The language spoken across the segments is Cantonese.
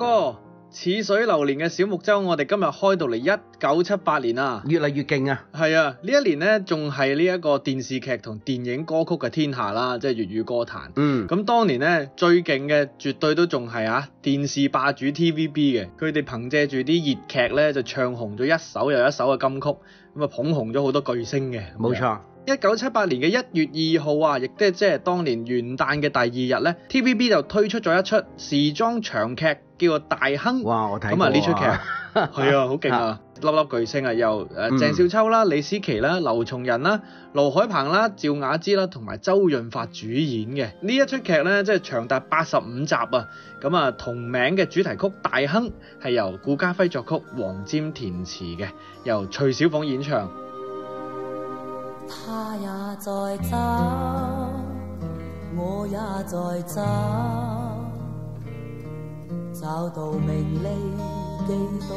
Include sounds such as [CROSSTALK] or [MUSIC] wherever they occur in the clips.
哥，似水流年嘅小木舟，我哋今日開到嚟一九七八年啊，越嚟越勁啊，係啊，呢一年呢仲係呢一個電視劇同電影歌曲嘅天下啦，即係粵語歌壇。嗯，咁當年呢，最勁嘅絕對都仲係啊電視霸主 TVB 嘅，佢哋憑借住啲熱劇呢就唱紅咗一首又一首嘅金曲，咁啊捧紅咗好多巨星嘅，冇錯。一九七八年嘅一月二號啊，亦都即係當年元旦嘅第二日咧，TVB 就推出咗一出時裝長劇，叫做《大亨》。哇，我睇過咁 [LAUGHS] 啊，呢出劇係啊，好勁啊，粒粒巨星啊，由誒鄭少秋啦、李司棋啦、劉松仁啦、盧海鵬啦、趙雅芝啦同埋周潤發主演嘅呢一出劇咧，即係長達八十五集啊！咁啊，同名嘅主題曲《大亨》係由顧嘉輝作曲、黃霑填詞嘅，由徐小鳳演唱。他也在找，我也在找，找到名利幾多？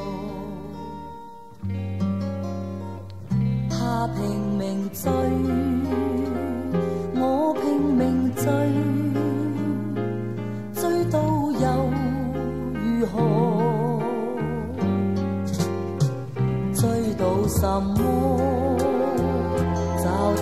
他拼命追，我拼命追，追到又如何？追到什麼？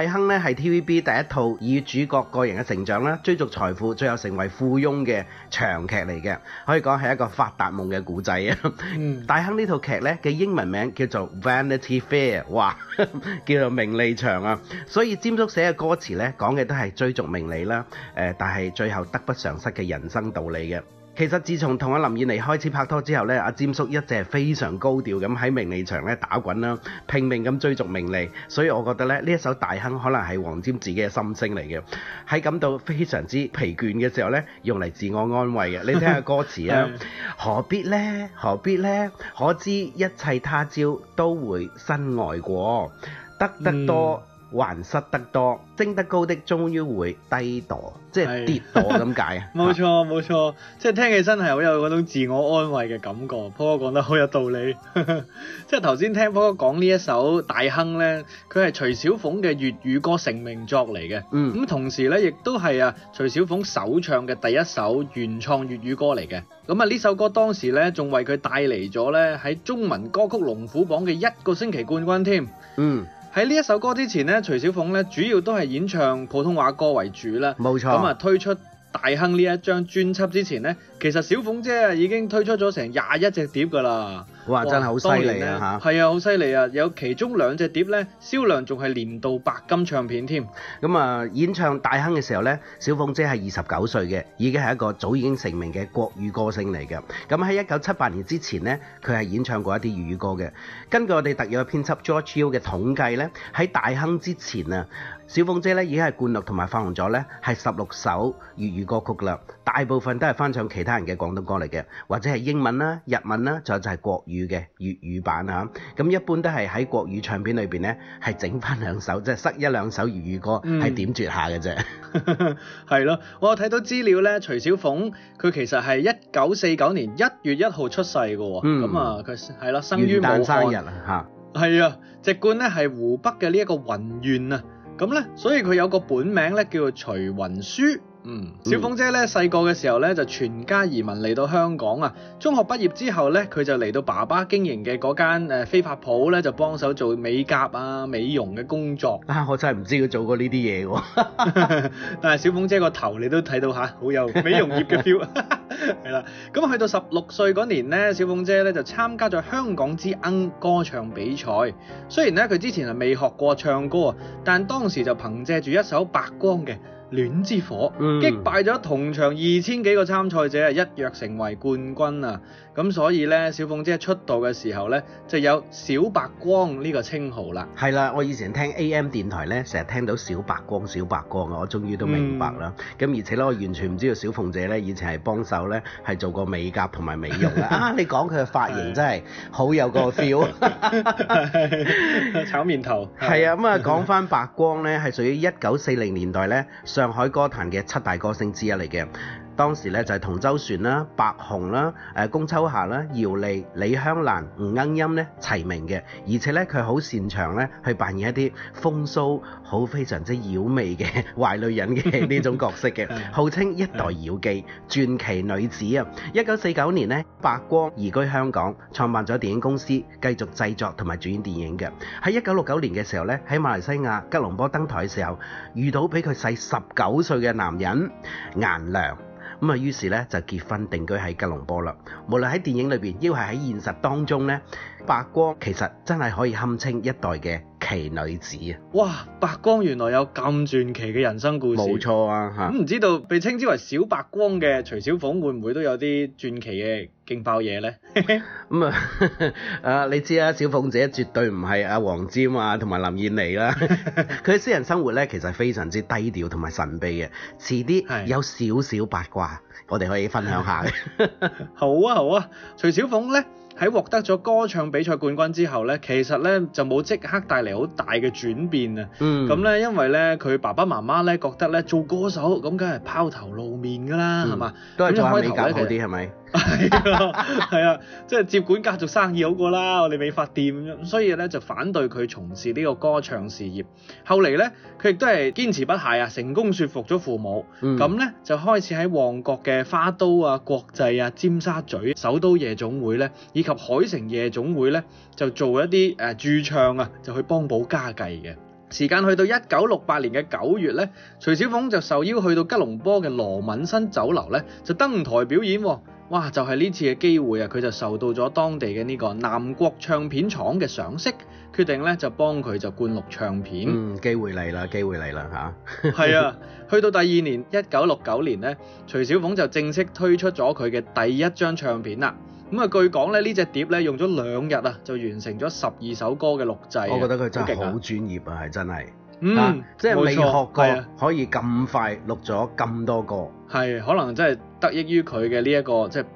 《大亨》咧係 TVB 第一套以主角個人嘅成長咧，追逐財富，最後成為富翁嘅長劇嚟嘅，可以講係一個發達夢嘅古仔啊。 [LAUGHS] 《大 [NOISE] 亨樂》呢套劇咧嘅英文名叫做《Vanity Fair》，哇，叫做名利場啊。所以霑叔寫嘅歌詞咧，講嘅都係追逐名利啦，誒、呃，但係最後得不償失嘅人生道理嘅。其實自從同阿林燕妮開始拍拖之後呢，阿、啊、霑叔一直係非常高調咁喺名利場咧打滾啦，拼命咁追逐名利，所以我覺得咧，呢一首大亨可能係黃霑自己嘅心聲嚟嘅，喺感到非常之疲倦嘅時候呢，用嚟自我安慰嘅。你聽下歌詞啊， [LAUGHS] 的何必呢？何必呢？可知一切他朝都會身外過，得得多。嗯還失得多，升得高的終於會低墮，即係跌墮咁解啊！冇 [LAUGHS] 錯冇錯，即係聽起身係好有嗰種自我安慰嘅感覺。波哥講得好有道理， [LAUGHS] 即係頭先聽波哥講呢一首《大亨》呢，佢係徐小鳳嘅粵語歌成名作嚟嘅，嗯，咁同時呢，亦都係啊徐小鳳首唱嘅第一首原創粵語歌嚟嘅。咁啊呢首歌當時呢，仲為佢帶嚟咗呢，喺中文歌曲龍虎榜嘅一個星期冠軍添，嗯。喺呢一首歌之前呢徐小鳳呢主要都係演唱普通話歌為主啦。冇錯錯，咁啊推出《大亨》呢一張專輯之前呢其實小鳳姐已經推出咗成廿一隻碟㗎喇。哇！真係好犀利啊嚇，係啊，好犀利啊！有其中兩隻碟呢，銷量仲係年度白金唱片添。咁啊、嗯呃，演唱《大亨》嘅時候呢，小鳳姐係二十九歲嘅，已經係一個早已經成名嘅國語歌星嚟嘅。咁喺一九七八年之前呢，佢係演唱過一啲粵語歌嘅。根據我哋特約編輯 George U 嘅統計呢，喺《大亨》之前啊，小鳳姐呢已經係灌錄同埋發行咗呢，係十六首粵語歌曲啦。大部分都係翻唱其他人嘅廣東歌嚟嘅，或者係英文啦、日文啦，仲有就係國語嘅粵語版啊，咁一般都係喺國語唱片裏邊咧，係整翻兩首，即係塞一兩首粵語歌係、嗯、點綴下嘅啫。係咯， [LAUGHS] 我有睇到資料咧，徐小鳳佢其實係一九四九年一月一號出世嘅喎，咁、嗯、啊佢係啦，生於武漢，生日啊吓，係啊，籍貫咧係湖北嘅呢一個雲縣啊，咁咧所以佢有個本名咧叫做徐雲舒。嗯，小鳳姐咧細個嘅時候咧就全家移民嚟到香港啊！中學畢業之後咧，佢就嚟到爸爸經營嘅嗰間誒飛髮舖咧，就幫手做美甲啊、美容嘅工作。啊！我真係唔知佢做過呢啲嘢喎。 [LAUGHS] [LAUGHS] 但係小鳳姐個頭你都睇到嚇，好有美容業嘅 feel。係 [LAUGHS] 啦，咁去到十六歲嗰年咧，小鳳姐咧就參加咗香港之鶯歌唱比賽。雖然咧佢之前係未學過唱歌啊，但當時就憑藉住一首《白光》嘅。戀之火擊、嗯、敗咗同場二千幾個參賽者啊，一躍成為冠軍啊！咁、嗯、所以呢，小鳳姐出道嘅時候呢，就有小白光呢個稱號啦。係啦， [MUSIC] 我以前聽 AM 電台呢，成日聽到小白光、小白光，我終於都明白啦。咁、嗯、而且呢，我完全唔知道小鳳姐呢以前係幫手呢，係做過美甲同埋美容嘅。 [LAUGHS] 啊，你講佢嘅髮型真係好有個 feel。 [LAUGHS] [LAUGHS] 炒麵頭桃。係啊，咁啊，講翻白光呢，係屬於一九四零年代呢上海歌壇嘅七大歌星之一嚟嘅。當時咧就係同周璇啦、白虹啦、誒龔秋霞啦、姚莉、李香蘭、吳鶯音咧齊名嘅，而且咧佢好擅長咧去扮演一啲風騷好非常之妖媚嘅壞女人嘅呢種角色嘅， [LAUGHS] 號稱一代妖姬、傳奇女子啊！一九四九年咧，白光移居香港，創辦咗電影公司，繼續製作同埋主演電影嘅。喺一九六九年嘅時候咧，喺馬來西亞吉隆坡登台嘅時候，遇到比佢細十九歲嘅男人顏良。咁啊，於是咧就結婚定居喺吉隆坡啦。無論喺電影裏面，亦係喺現實當中呢，白光其實真係可以堪稱一代嘅奇女子啊！哇，白光原來有咁傳奇嘅人生故事，冇錯啊！咁唔、嗯、知道被稱之為小白光嘅徐小鳳會唔會都有啲傳奇嘅勁爆嘢呢？咁、 [LAUGHS] 嗯、啊，啊你知啊，小鳳姐絕對唔係阿黃霑啊同埋林燕妮啦，佢 [LAUGHS] 嘅 [LAUGHS] 私人生活咧其實非常之低調同埋神秘嘅，遲啲有少少八卦我哋可以分享下嘅 [LAUGHS] [LAUGHS] 啊。好啊好啊，徐小鳳咧。喺獲得咗歌唱比賽冠軍之後咧，其實咧就冇即刻帶嚟好大嘅轉變啊。咁咧、嗯、因為咧佢爸爸媽媽咧覺得咧做歌手咁梗係拋頭露面㗎啦，係嘛、嗯？吧都係做開頭好啲係咪？實係咯，係啊， [LAUGHS] 即係接管家族生意好過啦，我哋美髮店，所以咧就反對佢從事呢個歌唱事業。後嚟咧，佢亦都係堅持不懈啊，成功說服咗父母。咁咧就開始喺旺角嘅花都啊、國際啊、尖沙咀、首都夜總會咧，以及海城夜總會咧，就做一啲誒駐唱啊，就去幫補家計嘅。時間去到一九六八年嘅九月咧，徐小鳳就受邀去到吉隆坡嘅羅敏新酒樓咧，就登台表演。哇！就係呢次嘅機會啊，佢就受到咗當地嘅呢個南國唱片廠嘅賞識，決定咧就幫佢就灌錄唱片。嗯，機會嚟啦，機會嚟啦吓，係啊， [LAUGHS] 啊，去到第二年一九六九年咧，徐小鳳就正式推出咗佢嘅第一張唱片啦。咁啊，據講咧呢隻碟咧用咗兩日啊，就完成咗十二首歌嘅錄製。我覺得佢真係好專業啊，係真係，嗯，啊、即係未學過、啊、可以咁快錄咗咁多歌，係可能真係得益於佢嘅呢一個即係。就是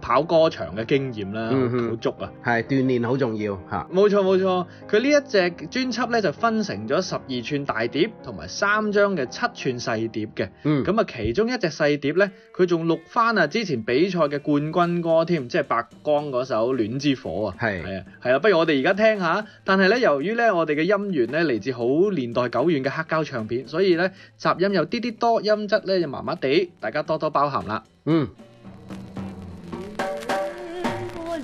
跑歌場嘅經驗啦，好、嗯、哼足啊！係鍛鍊好重要嚇。冇錯冇錯，佢呢一隻專輯咧就分成咗十二寸大碟同埋三張嘅七寸細碟嘅。嗯，咁啊其中一隻細碟咧，佢仲錄翻啊之前比賽嘅冠軍歌添，即係白光嗰首《戀之火》啊。係係啊係啊，不如我哋而家聽下。但係咧，由於咧我哋嘅音源咧嚟自好年代久遠嘅黑膠唱片，所以咧雜音有啲啲多，音質咧就麻麻地，大家多多包涵啦。嗯。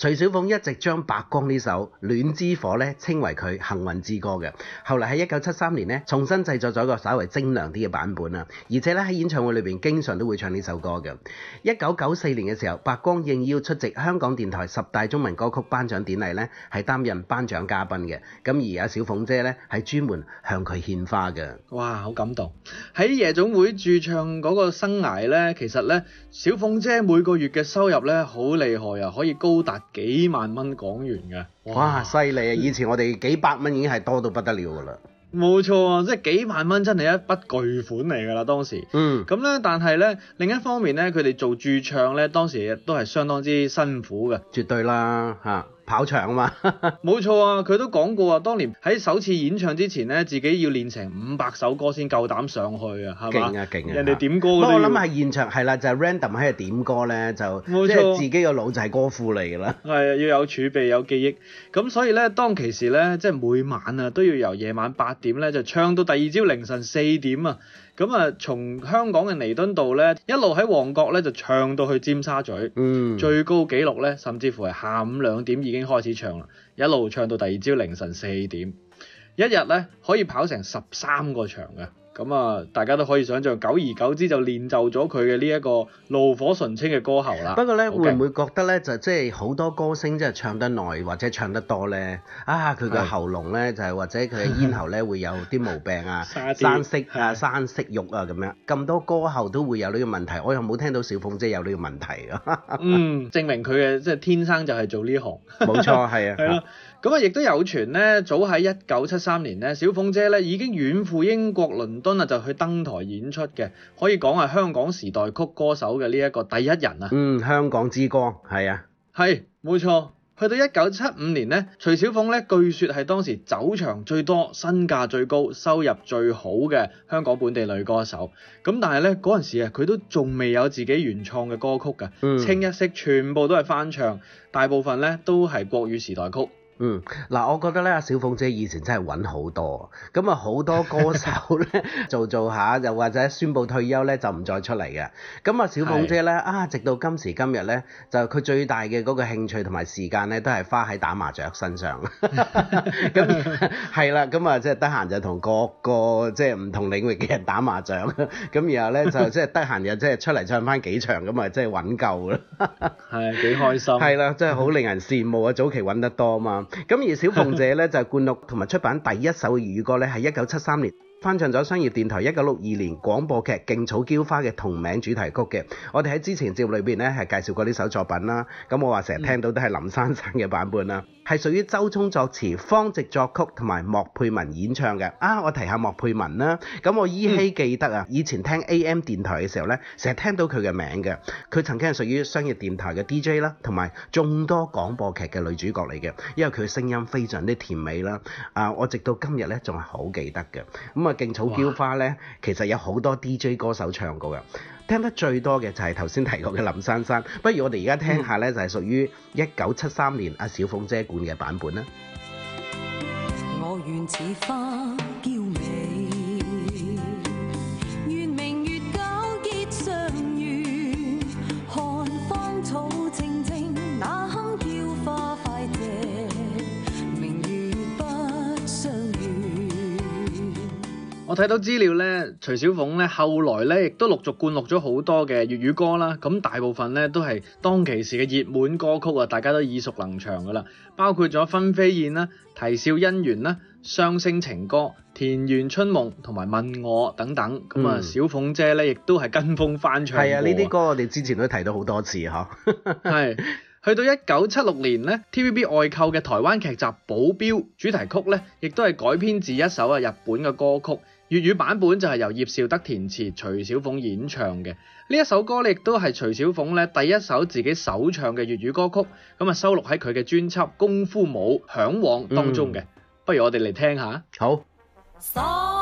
徐小鳳一直將白光呢首《戀之火》咧稱為佢幸運之歌嘅。後來喺一九七三年咧，重新製作咗一個稍為精良啲嘅版本啊，而且咧喺演唱會裏邊經常都會唱呢首歌嘅。一九九四年嘅時候，白光應邀出席香港電台十大中文歌曲頒獎典禮咧，係擔任頒獎嘉賓嘅。咁而家小鳳姐咧係專門向佢獻花嘅。哇，好感動！喺夜總會駐唱嗰個生涯咧，其實咧小鳳姐每個月嘅收入咧好厲害啊，可以高達幾萬蚊港元嘅，哇！犀利啊！以前我哋幾百蚊已經係多到不得了㗎啦。冇、嗯、錯啊，即係幾萬蚊真係一筆巨款嚟㗎啦。當時，嗯，咁咧，但係咧，另一方面咧，佢哋做駐唱咧，當時亦都係相當之辛苦嘅。絕對啦，嚇、啊。跑場啊嘛， [LAUGHS] 冇錯啊！佢都講過啊，當年喺首次演唱之前咧，自己要練成五百首歌先夠膽上去啊，係嘛？勁啊勁啊！人哋點歌嗰啲，我諗係現場係啦，就是、random 喺度點歌咧，就錯即係自己個老仔歌庫嚟㗎啦。係啊，要有儲備有記憶。咁所以咧，當其時咧，即係每晚啊，都要由夜晚八點咧，就唱到第二朝凌晨四點啊。咁啊，從香港嘅彌敦道咧，一路喺旺角咧，就唱到去尖沙咀。嗯。最高紀錄咧，甚至乎係下午兩點已經開始唱啦，一路唱到第二朝凌晨四點，一日咧可以跑成十三個場嘅。咁啊，大家都可以想象，久而久之就練就咗佢嘅呢一個爐火純青嘅歌喉啦。呢 Okay. 會不過咧，會唔會覺得咧，就即係好多歌星即係唱得耐或者唱得多咧，啊，佢嘅喉嚨咧是就係或者佢嘅咽喉咧 [LAUGHS] 會有啲毛病啊、生丁息啊、生息肉啊咁樣，咁多歌喉都會有呢個問題，我又冇聽到小鳳姐有呢個問題啊。 [LAUGHS] 嗯，證明佢嘅即係天生就係做呢行。冇 [LAUGHS] 錯，係啊。 [LAUGHS] 對 [LAUGHS] 咁啊，亦都有傳咧，早喺一九七三年咧，小鳳姐咧已經遠赴英國倫敦啊，就去登台演出嘅。可以講係香港時代曲歌手嘅呢一個第一人啊。嗯，香港之光係啊，係冇錯。去到一九七五年咧，徐小鳳咧據說係當時走場最多、身價最高、收入最好嘅香港本地女歌手。咁但係咧嗰陣時啊，佢都仲未有自己原創嘅歌曲㗎，嗯、清一色全部都係翻唱，大部分咧都係國語時代曲。嗯，嗱，我覺得咧，小鳳姐以前真係揾好多，咁啊好多歌手咧做做下，又或者宣布退休咧就唔再出嚟嘅，咁啊小鳳姐咧啊，直到今時今日咧，就佢最大嘅嗰個興趣同埋時間咧，都係花喺打麻雀身上，咁係啦，咁啊即係得閒就同各個即係唔同領域嘅人打麻雀，咁然後咧就即係得閒又即係出嚟唱翻幾場，咁啊即係揾夠啦，係幾開心，係啦，真係好令人羨慕啊！早期揾得多啊嘛～咁而小鳳姐咧就係灌錄同埋出版第一首粵語歌咧，係一九七三年翻唱咗商業電台一九六二年廣播劇《勁草嬌花》嘅同名主題曲嘅。我哋喺之前節目裏邊咧係介紹過呢首作品啦。咁我話成日聽到都係林珊珊嘅版本啦。係屬於周聰作詞、方直作曲同埋莫佩文演唱嘅啊！我提下莫佩文啦。咁我依稀記得啊，以前聽 AM 電台嘅時候呢，成日聽到佢嘅名嘅。佢曾經係屬於商業電台嘅 DJ 啦，同埋眾多廣播劇嘅女主角嚟嘅，因為佢嘅聲音非常之甜美啦。啊，我直到今日呢，仲係好記得嘅。咁啊，勁草嬌花呢，哇其實有好多 DJ 歌手唱過嘅。聽得最多嘅就係頭先提過嘅林珊珊，不如我哋而家聽下咧，就係屬於一九七三年阿小鳳姐灌嘅版本啦。 [MUSIC] 我睇到資料咧，徐小鳳咧後來咧亦都陸續灌錄咗好多嘅粵語歌啦。咁大部分咧都係當其時嘅熱門歌曲啊，大家都耳熟能詳噶啦。包括咗《分飛燕》啦，《啼笑姻緣》啦，《雙星情歌》、《田園春夢》同埋《問我》等等。咁啊、嗯，小鳳姐咧亦都係跟風翻唱。係啊，呢啲歌我哋之前都提到好多次呵。係， [LAUGHS] 去到一九七六年咧，TVB 外購嘅台灣劇集《保鏢》主題曲咧，亦都係改編自一首啊日本嘅歌曲。粵語版本就係由葉紹德填詞，徐小鳳演唱嘅。呢一首歌咧亦都係徐小鳳咧第一首自己首唱嘅粵語歌曲，咁啊收錄喺佢嘅專輯《功夫舞響往》當中嘅。嗯、不如我哋嚟聽下。好。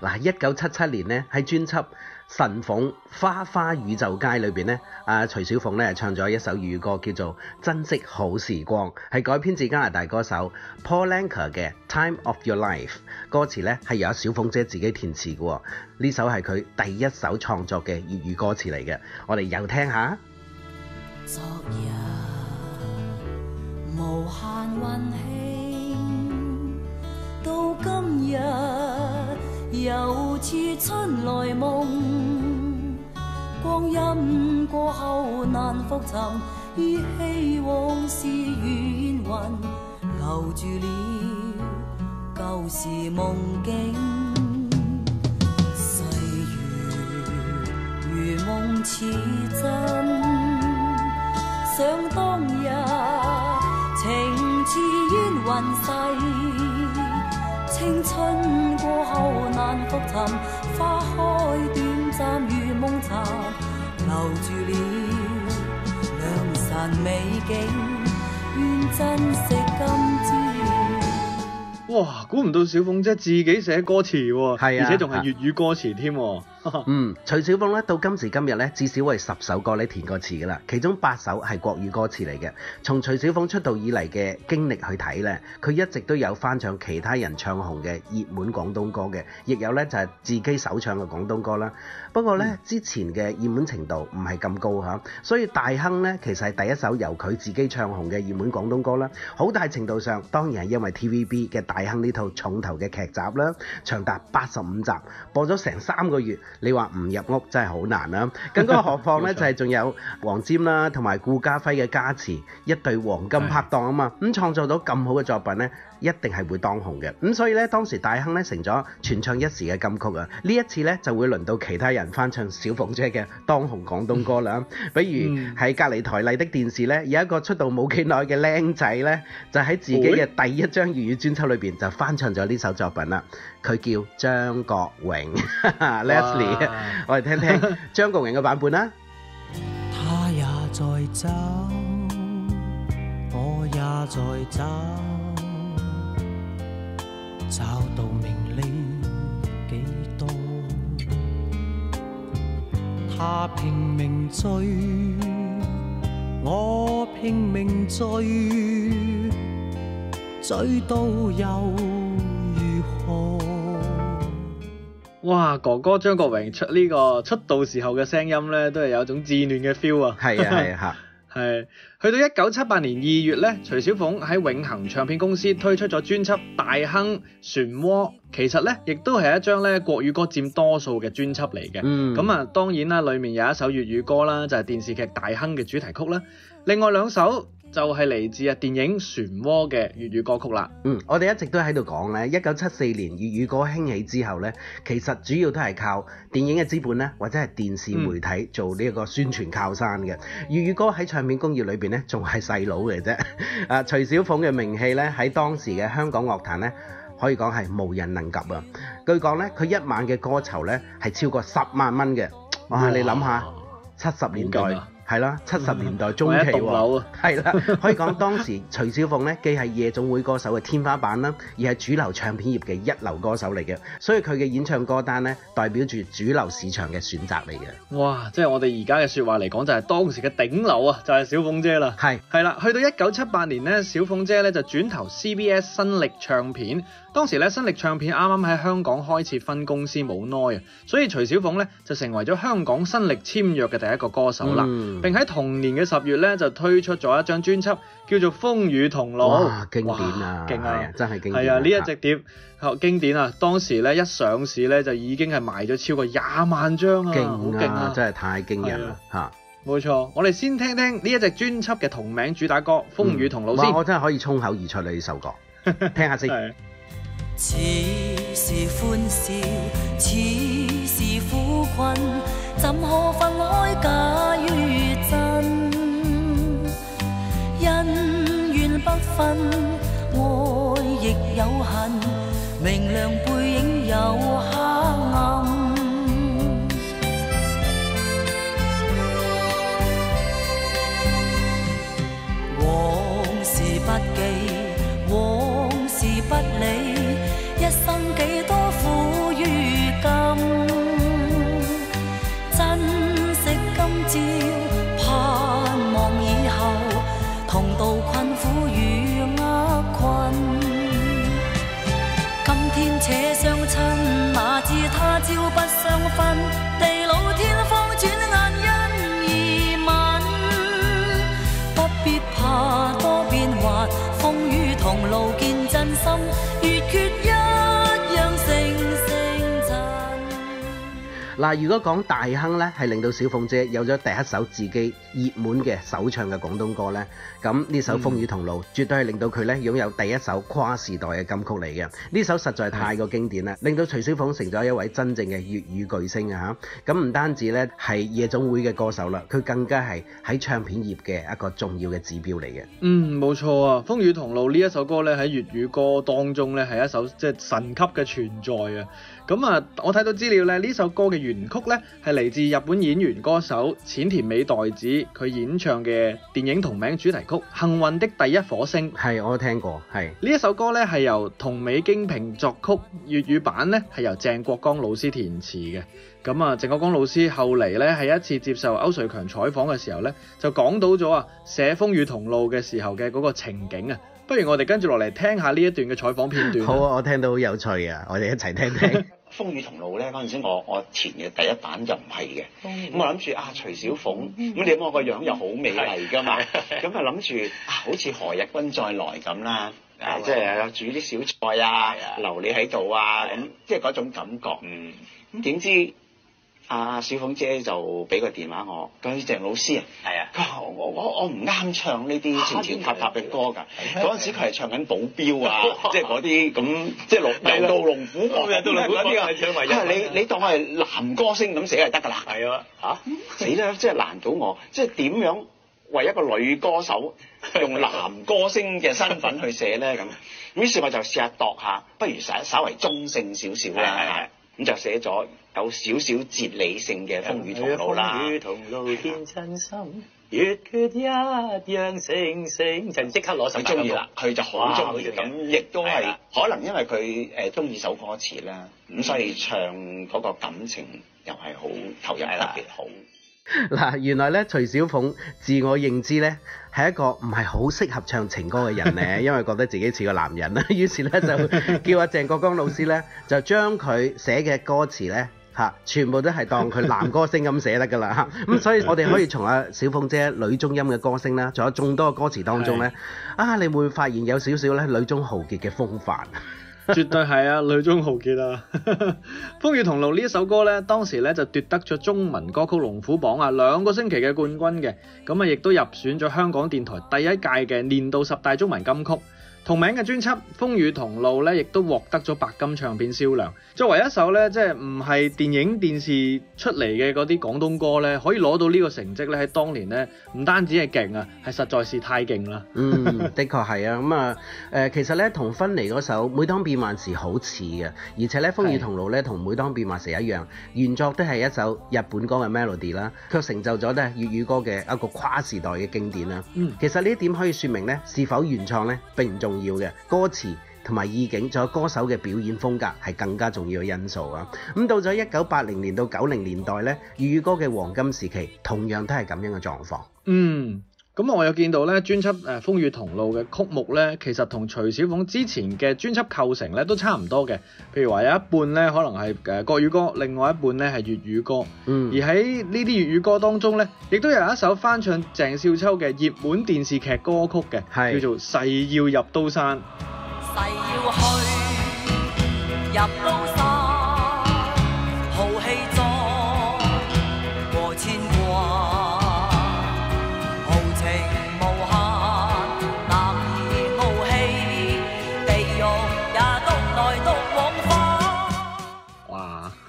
嗱，一九七七年呢，喺專輯《神鳳花花宇宙街》裏邊呢，阿徐小鳳呢唱咗一首粵語歌，叫做《珍惜好時光》，係改編自加拿大歌手 Paul Anka 嘅《Time of Your Life》。歌詞呢係由阿小鳳姐自己填詞嘅，呢首係佢第一首創作嘅粵語歌詞嚟嘅。我哋又聽下。昨日無限又似春來夢，光陰過後難復尋，依稀往事如煙雲，留住了舊時夢境。歲月如，如夢似真，想當日情似煙雲逝。青春過後難復尋，花開短暫如夢茶，留住了良辰美景，願珍惜今朝。哇，估唔到小鳳姐自己寫歌詞喎，啊，啊，而且仲係粵語歌詞添，啊。嗯，徐小鳳咧到今時今日咧，至少有十首歌咧填過詞噶啦，其中八首係國語歌詞嚟嘅。從徐小鳳出道以嚟嘅經歷去睇咧，佢一直都有翻唱其他人唱紅嘅熱門廣東歌嘅，亦有咧就係、是、自己首唱嘅廣東歌啦。不過咧，嗯、之前嘅熱門程度唔係咁高嚇，所以大亨咧其實係第一首由佢自己唱紅嘅熱門廣東歌啦。好大程度上，當然係因為 TVB 嘅大亨呢套重頭嘅劇集啦，長達八十五集，播咗成三個月，你話唔入屋真係好難啦、啊。更加何況咧， [LAUGHS] 錯就係仲有黃霽啦，同埋顧嘉輝嘅加持，一對黃金拍檔啊嘛，咁是、嗯、創造到咁好嘅作品咧。一定係會當紅嘅，咁所以呢當時大亨呢成咗傳唱一時嘅金曲啊！呢一次呢就會輪到其他人翻唱小鳳姐嘅《當紅廣東歌》啦。比如喺隔離台麗的電視呢，有一個出道冇幾耐嘅靚仔呢，就喺自己嘅第一張粵語專輯裏邊就翻唱咗呢首作品啦。佢叫張國榮，Leslie，我哋聽聽張國榮嘅版本啦。他也在走，我也在走。找到名利幾多？他拼命追，我拼命追，追到又如何？哇！哥哥張國榮出呢個出道時候嘅聲音呢，都係有一種稚嫩嘅 feel 啊！係 [LAUGHS] 啊係啊係去到一九七八年二月咧，徐小鳳喺永恒唱片公司推出咗專輯《大亨漩渦》，其實咧亦都係一張咧國語歌佔多數嘅專輯嚟嘅。嗯。咁啊，當然啦，裏面有一首粵語歌啦，就係、是、電視劇《大亨》嘅主題曲啦。另外兩首。就係嚟自啊電影《漩渦》嘅粵語歌曲啦。嗯，我哋一直都喺度講咧，一九七四年粵語歌興起之後咧，其實主要都係靠電影嘅資本咧，或者係電視媒體做呢個宣傳靠山嘅。粵、嗯、語歌喺唱片工業裏邊咧，仲係細佬嚟啫。啊， [LAUGHS] 徐小鳳嘅名氣咧，喺當時嘅香港樂壇咧，可以講係無人能及啊。據講咧，佢一晚嘅歌酬咧，係超過十萬蚊嘅。哇，你諗下，七十哇年代。係啦，七十年代中期喎，係啦、嗯啊， [LAUGHS] 可以講當時徐小鳳既係夜總會歌手嘅天花板啦而係主流唱片業嘅一流歌手嚟嘅，所以佢嘅演唱歌單咧，代表住主流市場嘅選擇嚟嘅。哇，即係我哋而家嘅説話嚟講，就係當時嘅頂流啊，就係小鳳姐啦。係係啦，去到一九七八年呢，小鳳姐呢就轉投 CBS 新力唱片。當時咧，新力唱片啱啱喺香港開設分公司冇耐啊，所以徐小鳳咧就成為咗香港新力簽約嘅第一個歌手啦，並喺同年嘅十月咧就推出咗一張專輯，叫做《風雨同路》。哇，經典啊，勁啊，真係經典！係啊，呢一隻碟好經典啊，當時咧一上市咧就已經係賣咗超過廿萬張啊，好勁啊，真係太驚人啦吓！冇錯，我哋先聽聽呢一隻專輯嘅同名主打歌《風雨同路》先。哇，我真係可以衝口而出你呢首歌，聽下先。似是歡笑，似是苦困，怎可分開假與真？恩怨不分，愛亦有恨，明亮背影有黑暗。地老天荒，轉眼恩義泯。不必怕多變幻，風雨同路見真心，月缺嗱，如果講大亨咧，係令到小鳳姐有咗第一首自己熱門嘅首唱嘅廣東歌呢。咁呢首《風雨同路》絕對係令到佢咧擁有第一首跨時代嘅金曲嚟嘅。呢首實在太過經典啦，令到徐小鳳成咗一位真正嘅粵語巨星啊！咁唔單止咧係夜總會嘅歌手啦，佢更加係喺唱片業嘅一個重要嘅指標嚟嘅。嗯，冇錯啊，《風雨同路》呢一首歌咧喺粵語歌當中咧係一首即係、就是、神級嘅存在啊！咁啊，我睇到資料咧，呢首歌嘅原曲咧係嚟自日本演員歌手淺田美代子佢演唱嘅電影同名主題曲《幸運的第一火星》。係，我都聽過。係呢一首歌咧係由筒美京平作曲，粵語版咧係由鄭國江老師填詞嘅。咁啊，鄭國江老師後嚟咧係一次接受區瑞強採訪嘅時候咧，就講到咗啊，寫《風雨同路》嘅時候嘅嗰個情景啊。不如我哋跟住落嚟聽下呢一段嘅採訪片段。好啊，我聽到好有趣啊，我哋一齊聽聽。《風雨同路》咧，嗰陣時我我填嘅第一版就唔係嘅，咁我諗住啊徐小鳳，咁、嗯、你睇我個樣又好美麗㗎嘛，咁啊諗住好似《何日君再來》咁啦，即係煮啲小菜啊，留你喺度啊，咁即係嗰種感覺，咁點知？阿小鳳姐就俾個電話我，佢，鄭老師啊，佢我我我唔啱唱呢啲潮潮塔塔嘅歌㗎，嗰陣時佢係唱緊保鏢啊，即係嗰啲咁，即係龍，係啦，到龍虎，到龍虎，因為你你當我係男歌星咁寫係得㗎啦，係啊，嚇死啦，即係難到我，即係點樣為一個女歌手用男歌星嘅身份去寫咧咁？於是我就試下度下，不如稍微中性少少啦。咁就寫咗有少少哲理性嘅風雨同路啦。風雨同路見真心，月缺一樣情深。就即刻攞手。佢中意啦，佢就好中意咁，亦都係可能因為佢誒中意首歌詞啦，咁所以唱嗰個感情又係好投入，特別好。嗱，原來咧，徐小鳳自我認知咧，係一個唔係好適合唱情歌嘅人咧，因為覺得自己似個男人啦，於是咧就叫阿、啊、鄭國江老師咧，就將佢寫嘅歌詞咧，吓，全部都係當佢男歌星咁寫得噶啦，咁、嗯、所以我哋可以從阿、啊、小鳳姐女中音嘅歌聲啦，仲有眾多歌詞當中咧，是的 啊，你會發現有少少咧女中豪傑嘅風範。 [LAUGHS] 絕對係啊，女中豪傑啊， [LAUGHS] 《風雨同路》呢首歌呢，當時呢就奪得咗中文歌曲龍虎榜啊兩個星期嘅冠軍嘅，咁啊亦都入選咗香港電台第一屆嘅年度十大中文金曲。同名嘅專輯《風雨同路》咧，亦都獲得咗白金唱片銷量。作為一首咧，即係唔係電影電視出嚟嘅嗰啲廣東歌咧，可以攞到呢個成績咧，喺當年咧，唔單止係勁啊，係實在是太勁啦、 [LAUGHS] 嗯。嗯，的確係啊。咁啊，誒，其實咧，同芬尼嗰首《每當變幻時》好似嘅，而且咧，《風雨同路》咧同《每當變幻時》一樣，原作都係一首日本歌嘅 melody 啦，卻成就咗咧粵語歌嘅一個跨時代嘅經典啦。嗯，其實呢一點可以説明咧，是否原創咧並唔重要。要嘅歌詞同埋意境，仲有歌手嘅表演風格，係更加重要嘅因素啊！咁到咗一九八零年到九零年代咧，粵語歌嘅黃金時期，同樣都係咁樣嘅狀況。嗯。咁我有見到咧專輯誒《風雨同路》嘅曲目咧，其實同徐小鳳之前嘅專輯構成咧都差唔多嘅。譬如話有一半咧可能係誒國語歌，另外一半咧係粵語歌。嗯。而喺呢啲粵語歌當中咧，亦都有一首翻唱鄭少秋嘅熱門電視劇歌曲嘅，係是叫做《誓要入刀山》。誓要去。入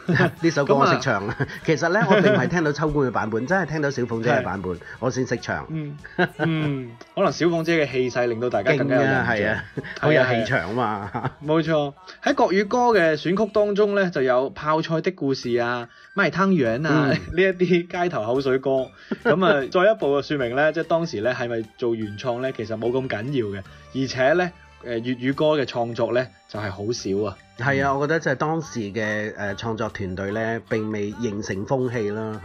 呢 [LAUGHS] 首歌我識唱， [LAUGHS] 其實咧我並唔係聽到秋官嘅版本， [LAUGHS] 真係聽到小鳳姐嘅版本， [LAUGHS] 我先識唱 [LAUGHS] 嗯。嗯，可能小鳳姐嘅氣勢令到大家更加有印、啊啊啊、好有氣場啊嘛。冇、啊、錯，喺國語歌嘅選曲當中咧，就有《泡菜的故事》啊，《賣湯圓》啊呢一啲街頭口水歌。咁啊，再一步嘅説明咧， [LAUGHS] 即係當時咧係咪做原創咧，其實冇咁緊要嘅，而且咧。誒粵語歌嘅創作呢就係、是、好少啊！係啊，嗯、我覺得就係當時嘅誒創作團隊呢並未形成風氣啦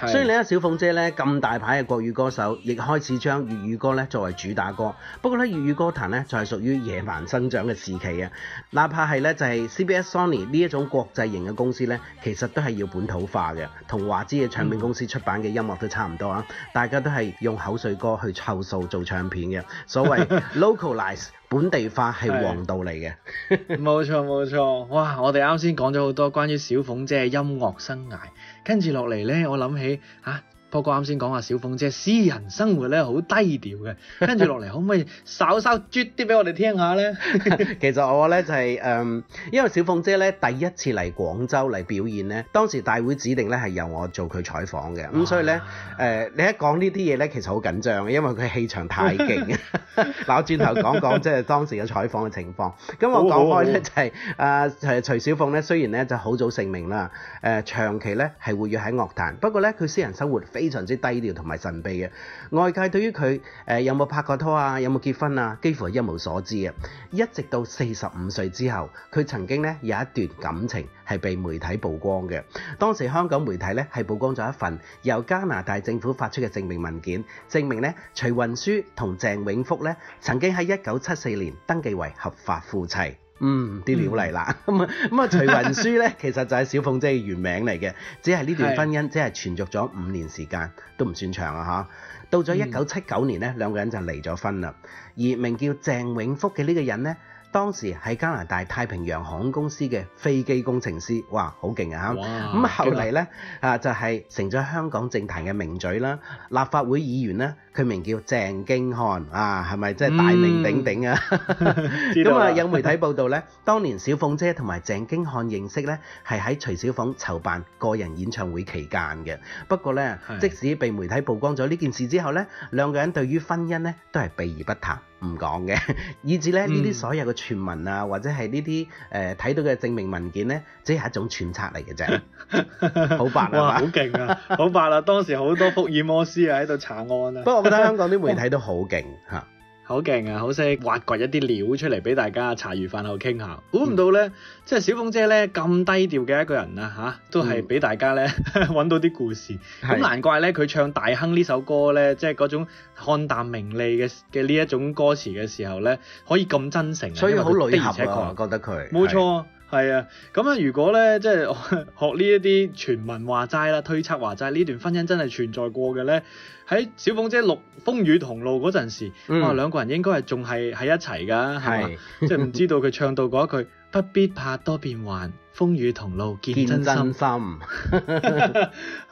嚇。雖然是、啊、你睇小鳳姐呢咁大牌嘅國語歌手，亦開始將粵語歌呢作為主打歌。不過呢，粵語歌壇呢就係、是、屬於野蠻生長嘅時期啊。哪怕係呢就係、是、CBS Sony 呢一種國際型嘅公司呢，其實都係要本土化嘅，同華資嘅唱片公司出版嘅音樂都差唔多啊！嗯、大家都係用口水歌去湊數做唱片嘅，所謂 localize。 [LAUGHS] 本地化係王道嚟嘅是的， [LAUGHS] 冇錯冇錯。哇！我哋啱先講咗好多關於小鳳姐音樂生涯，跟住落嚟咧，我諗起嚇。啊不過啱先講啊，小鳳姐私人生活咧好低調嘅，跟住落嚟可唔可以稍稍啜啲俾我哋聽下呢？ [LAUGHS] 其實我呢就係、是、誒、嗯，因為小鳳姐呢第一次嚟廣州嚟表演呢，當時大會指定呢係由我做佢採訪嘅，咁、啊、所以呢，誒、呃，你一講呢啲嘢呢，其實好緊張，因為佢氣場太勁。嗱， [LAUGHS] [LAUGHS] 我轉頭講講即係當時嘅採訪嘅情況。咁我講開呢就係、是、誒、呃，徐小鳳呢雖然呢就好早成名啦，誒、呃、長期呢係活躍喺樂壇，不，不過呢，佢私人生活非常之低調同埋神秘嘅，外界，對於佢誒有冇拍過拖啊，有冇結婚啊，幾乎係一無所知嘅。一直到四十五歲之後，佢曾經咧有一段感情係被媒體曝光嘅。當時香港媒體咧係曝光咗一份由加拿大政府發出嘅證明文件，證明咧徐運書同鄭永福咧曾經喺一九七四年登記為合法夫妻。嗯，啲料嚟啦，咁啊、嗯、 [LAUGHS] 徐雲舒咧，其實就係小鳳姐嘅原名嚟嘅，只係呢段婚姻是只係存續咗五年時間，都唔算長啊吓，到咗一九七九年咧，嗯、兩個人就離咗婚啦。而名叫鄭永福嘅呢個人呢，當時喺加拿大太平洋航空公司嘅飛機工程師，哇，好勁啊嚇！咁哇後嚟呢，害啊，就係、是、成咗香港政壇嘅名嘴啦，立法會議員啦。佢名叫鄭經翰啊，係咪真係大名鼎鼎啊？咁啊，有媒體報道咧， [LAUGHS] 當年小鳳姐同埋鄭經翰認識咧，係喺徐小鳳籌辦個人演唱會期間嘅。不過咧，是即使被媒體曝光咗呢件事之後咧，兩個人對於婚姻咧都係避而不談，唔講嘅，以至咧呢啲所有嘅傳聞啊，或者係呢啲誒睇到嘅證明文件咧，只係一種揣測嚟嘅啫。好白啦，好勁啊！好白啦、啊，當時好多福爾摩斯啊喺度查案啊， [LAUGHS] 我覺得香港啲媒體都好勁嚇，好勁啊！好識挖掘一啲料出嚟俾大家茶餘飯後傾下。估唔到咧，嗯、即係小鳳姐咧咁低調嘅一個人啊，嚇、啊、都係俾大家咧揾 [LAUGHS] 到啲故事。咁是難怪咧，佢唱《大亨》呢首歌咧，即係嗰種看淡名利嘅嘅呢一種歌詞嘅時候咧，可以咁真誠、啊，所以好的而且確覺得佢冇錯。係啊，咁咧如果咧即係學呢一啲傳聞話齋啦，推測話齋呢段婚姻真係存在過嘅咧，喺小鳳姐錄《風雨同路》嗰陣時，哇，兩個人應該係仲係喺一齊噶，係即係唔知道佢唱到嗰一句 [LAUGHS] 不必怕多變幻。風雨同路見真心，係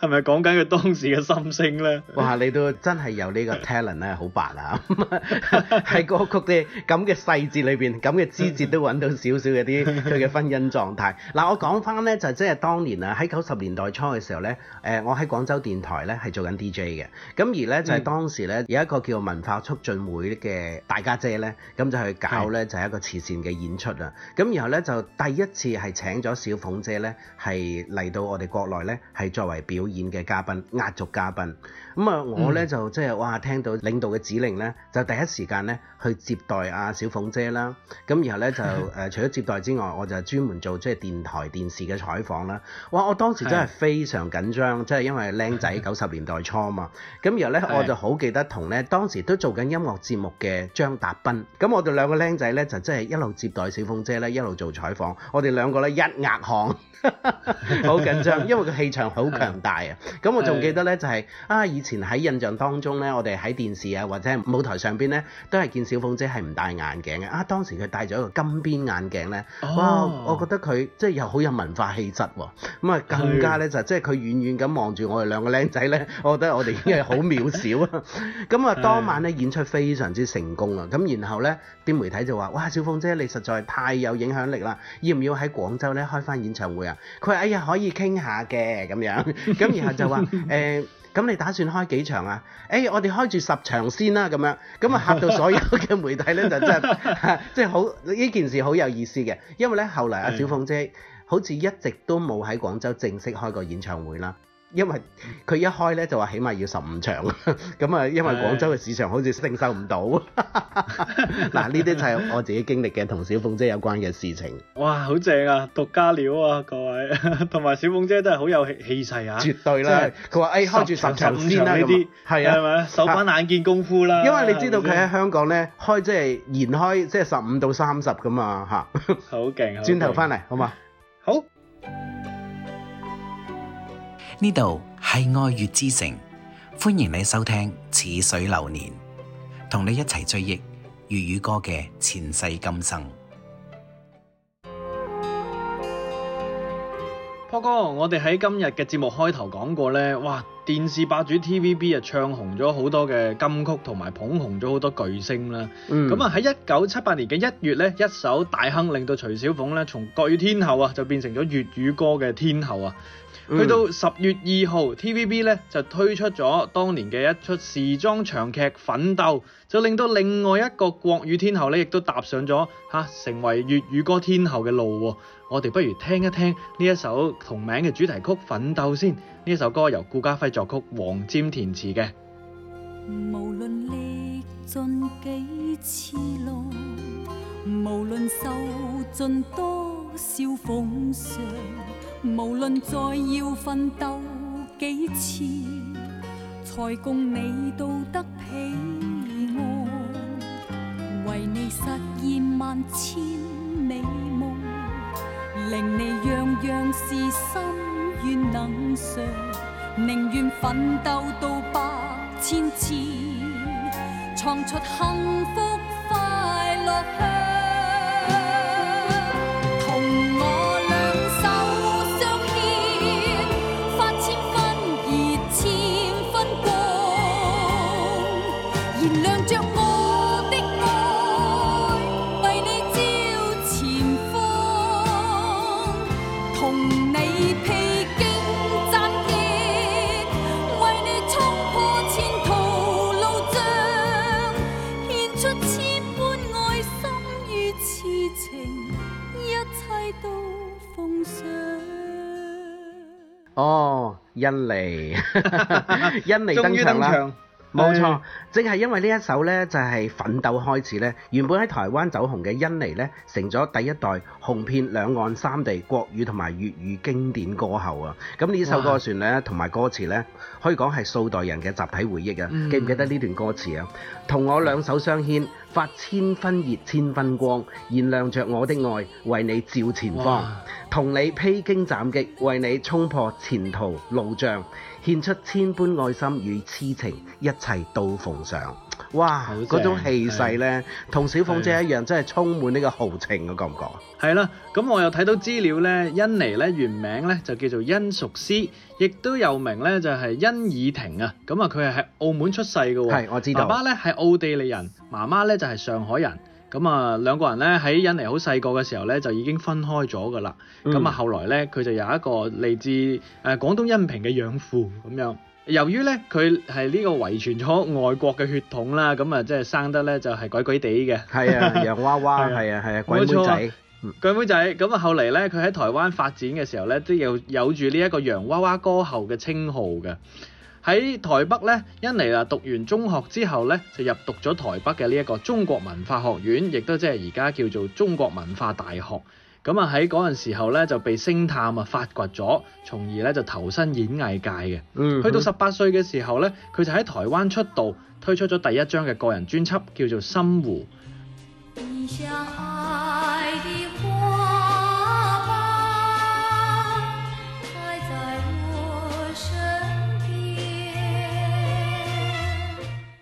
咪講緊佢當時嘅心聲呢？ [LAUGHS] 哇！你都真係有呢個 talent 咧，好白啊！喺 [LAUGHS] 歌曲啲咁嘅細節裏邊，咁嘅枝節都揾到少少嘅啲佢嘅婚姻狀態。嗱、 [LAUGHS] 啊，我講翻呢，就即、是、係當年啊，喺九十年代初嘅時候呢，誒、呃，我喺廣州電台呢係做緊 DJ 嘅。咁而呢，就係、是、當時呢，嗯、有一個叫文化促進會嘅大家姐呢，咁就去搞呢，是就係一個慈善嘅演出啊。咁然後呢，就第一次係請咗。小鳳姐咧，係嚟到我哋國內咧，係作為表演嘅嘉賓，壓軸嘉賓。咁啊，我咧就即係哇，聽到領導嘅指令咧，就第一時間咧去接待阿小鳳姐啦。咁然後咧就誒除咗接待之外，我就專門做即係電台電視嘅採訪啦。哇！我當時真係非常緊張，即係因為僆仔九十年代初啊嘛。咁然後咧，我就好記得同咧當時都做緊音樂節目嘅張達斌。咁我哋兩個僆仔咧就即係一路接待小鳳姐咧，一路做採訪，我哋兩個咧一壓汗，好緊張，因為個氣場好強大啊。咁我仲記得咧就係啊，而以前喺印象當中咧，我哋喺電視啊或者舞台上邊咧，都係見小鳳姐係唔戴眼鏡嘅。啊，當時佢戴咗一個金邊眼鏡咧，哦、哇！我覺得佢即係又好有文化氣質喎。咁啊，更加咧是就即係佢遠遠咁望住我哋兩個靚仔咧，我覺得我哋已經係好渺小啊。咁啊，當晚咧是演出非常之成功啊。咁然後咧，啲媒體就話，哇，小鳳姐你實在太有影響力啦！要唔要喺廣州咧開翻演唱會啊？佢話：哎呀，可以傾下嘅咁樣。咁然後就話，誒。咁你打算開幾場啊？誒、欸，我哋開住十場先啦，咁樣，咁啊嚇到所有嘅媒體咧， [LAUGHS] 就真係即係好呢件事好有意思嘅，因為咧後嚟阿小鳳姐的好似一直都冇喺廣州正式開過演唱會啦。因為佢一開咧就話起碼要十五場，咁啊，因為廣州嘅市場好似承受唔到。嗱，呢啲就係我自己經歷嘅同小鳳姐有關嘅事情。哇，好正啊，獨家料啊，各位，同埋小鳳姐都係好有氣氣勢啊！絕對啦，佢話：哎，開住十五場先啦呢啲，係啊，係咪？手板眼見功夫啦。因為你知道佢喺香港咧，開即係延開即係十五到三十咁啊吓，好勁！轉頭翻嚟好嘛？好。呢度係愛粵之城，歡迎你收聽《似水流年》，同你一齊追憶粵語歌嘅前世今生。波哥，我哋喺今日嘅節目開頭講過咧，哇！電視霸主 TVB 啊，唱紅咗好多嘅金曲，同埋捧紅咗好多巨星啦。咁啊、嗯，喺一九七八年嘅一月咧，一首《大亨》令到徐小鳳咧，從國語天后啊，就變成咗粵語歌嘅天后啊！去到十月二號，TVB 咧就推出咗當年嘅一出時裝長劇《奮鬥》，就令到另外一個國語天后咧亦都踏上咗吓，成為粵語歌天后嘅路、哦。我哋不如聽一聽呢一首同名嘅主題曲《奮鬥》先。呢首歌由顧嘉輝作曲、黃霑填詞嘅。無論歷盡幾次無論受盡多少風霜，無論再要奮鬥幾次，才共你到得彼岸，為你實現萬千美夢，令你樣樣事心願能償，寧願奮鬥到百千次，創出幸福快樂鄉。哦，甄妮，甄 [LAUGHS] 妮登場啦，冇錯，嗯、正係因為呢一首呢，就係奮鬥開始呢。原本喺台灣走紅嘅甄妮呢，成咗第一代紅遍兩岸三地國語同埋粵語經典歌后啊！咁呢首歌嘅旋律同埋歌詞呢，可以講係數代人嘅集體回憶啊！嗯、記唔記得呢段歌詞啊？同我兩手相牽。發千分熱，千分光，燃亮着我的愛，為你照前方，哇同你披荊斬棘，為你衝破前途路障。獻出千般愛心與痴情，一切都奉上。哇，嗰棒種氣勢咧，同的小鳳姐一樣，的真係充滿呢個豪情嘅感覺。係啦，咁我又睇到資料咧，甄妮咧原名咧就叫做甄淑詩，亦都有名咧就係甄以婷啊。咁啊，佢係喺澳門出世嘅喎。係，我知道。爸爸咧係奧地利人，媽媽咧就係上海人。咁啊，兩個人咧喺甄妮好細個嘅時候咧就已經分開咗噶啦。咁啊、嗯，後來咧佢就有一個嚟自誒廣東恩平嘅養父咁樣。由於咧佢係呢個遺傳咗外國嘅血統啦，咁啊即係生得咧就係鬼鬼哋嘅。係啊，洋娃娃係 [LAUGHS] 啊係啊鬼妹仔，鬼、啊嗯、妹仔。咁啊後嚟咧佢喺台灣發展嘅時候咧，都又有住呢一個洋娃娃歌后嘅稱號嘅。喺台北咧，因尼啊讀完中學之後咧，就入讀咗台北嘅呢一個中國文化學院，亦都即係而家叫做中國文化大學。咁啊喺嗰陣時候咧，就被星探啊發掘咗，從而咧就投身演藝界嘅。Mm hmm. 去到十八歲嘅時候咧，佢就喺台灣出道，推出咗第一張嘅個人專輯，叫做《心湖》。 [NOISE]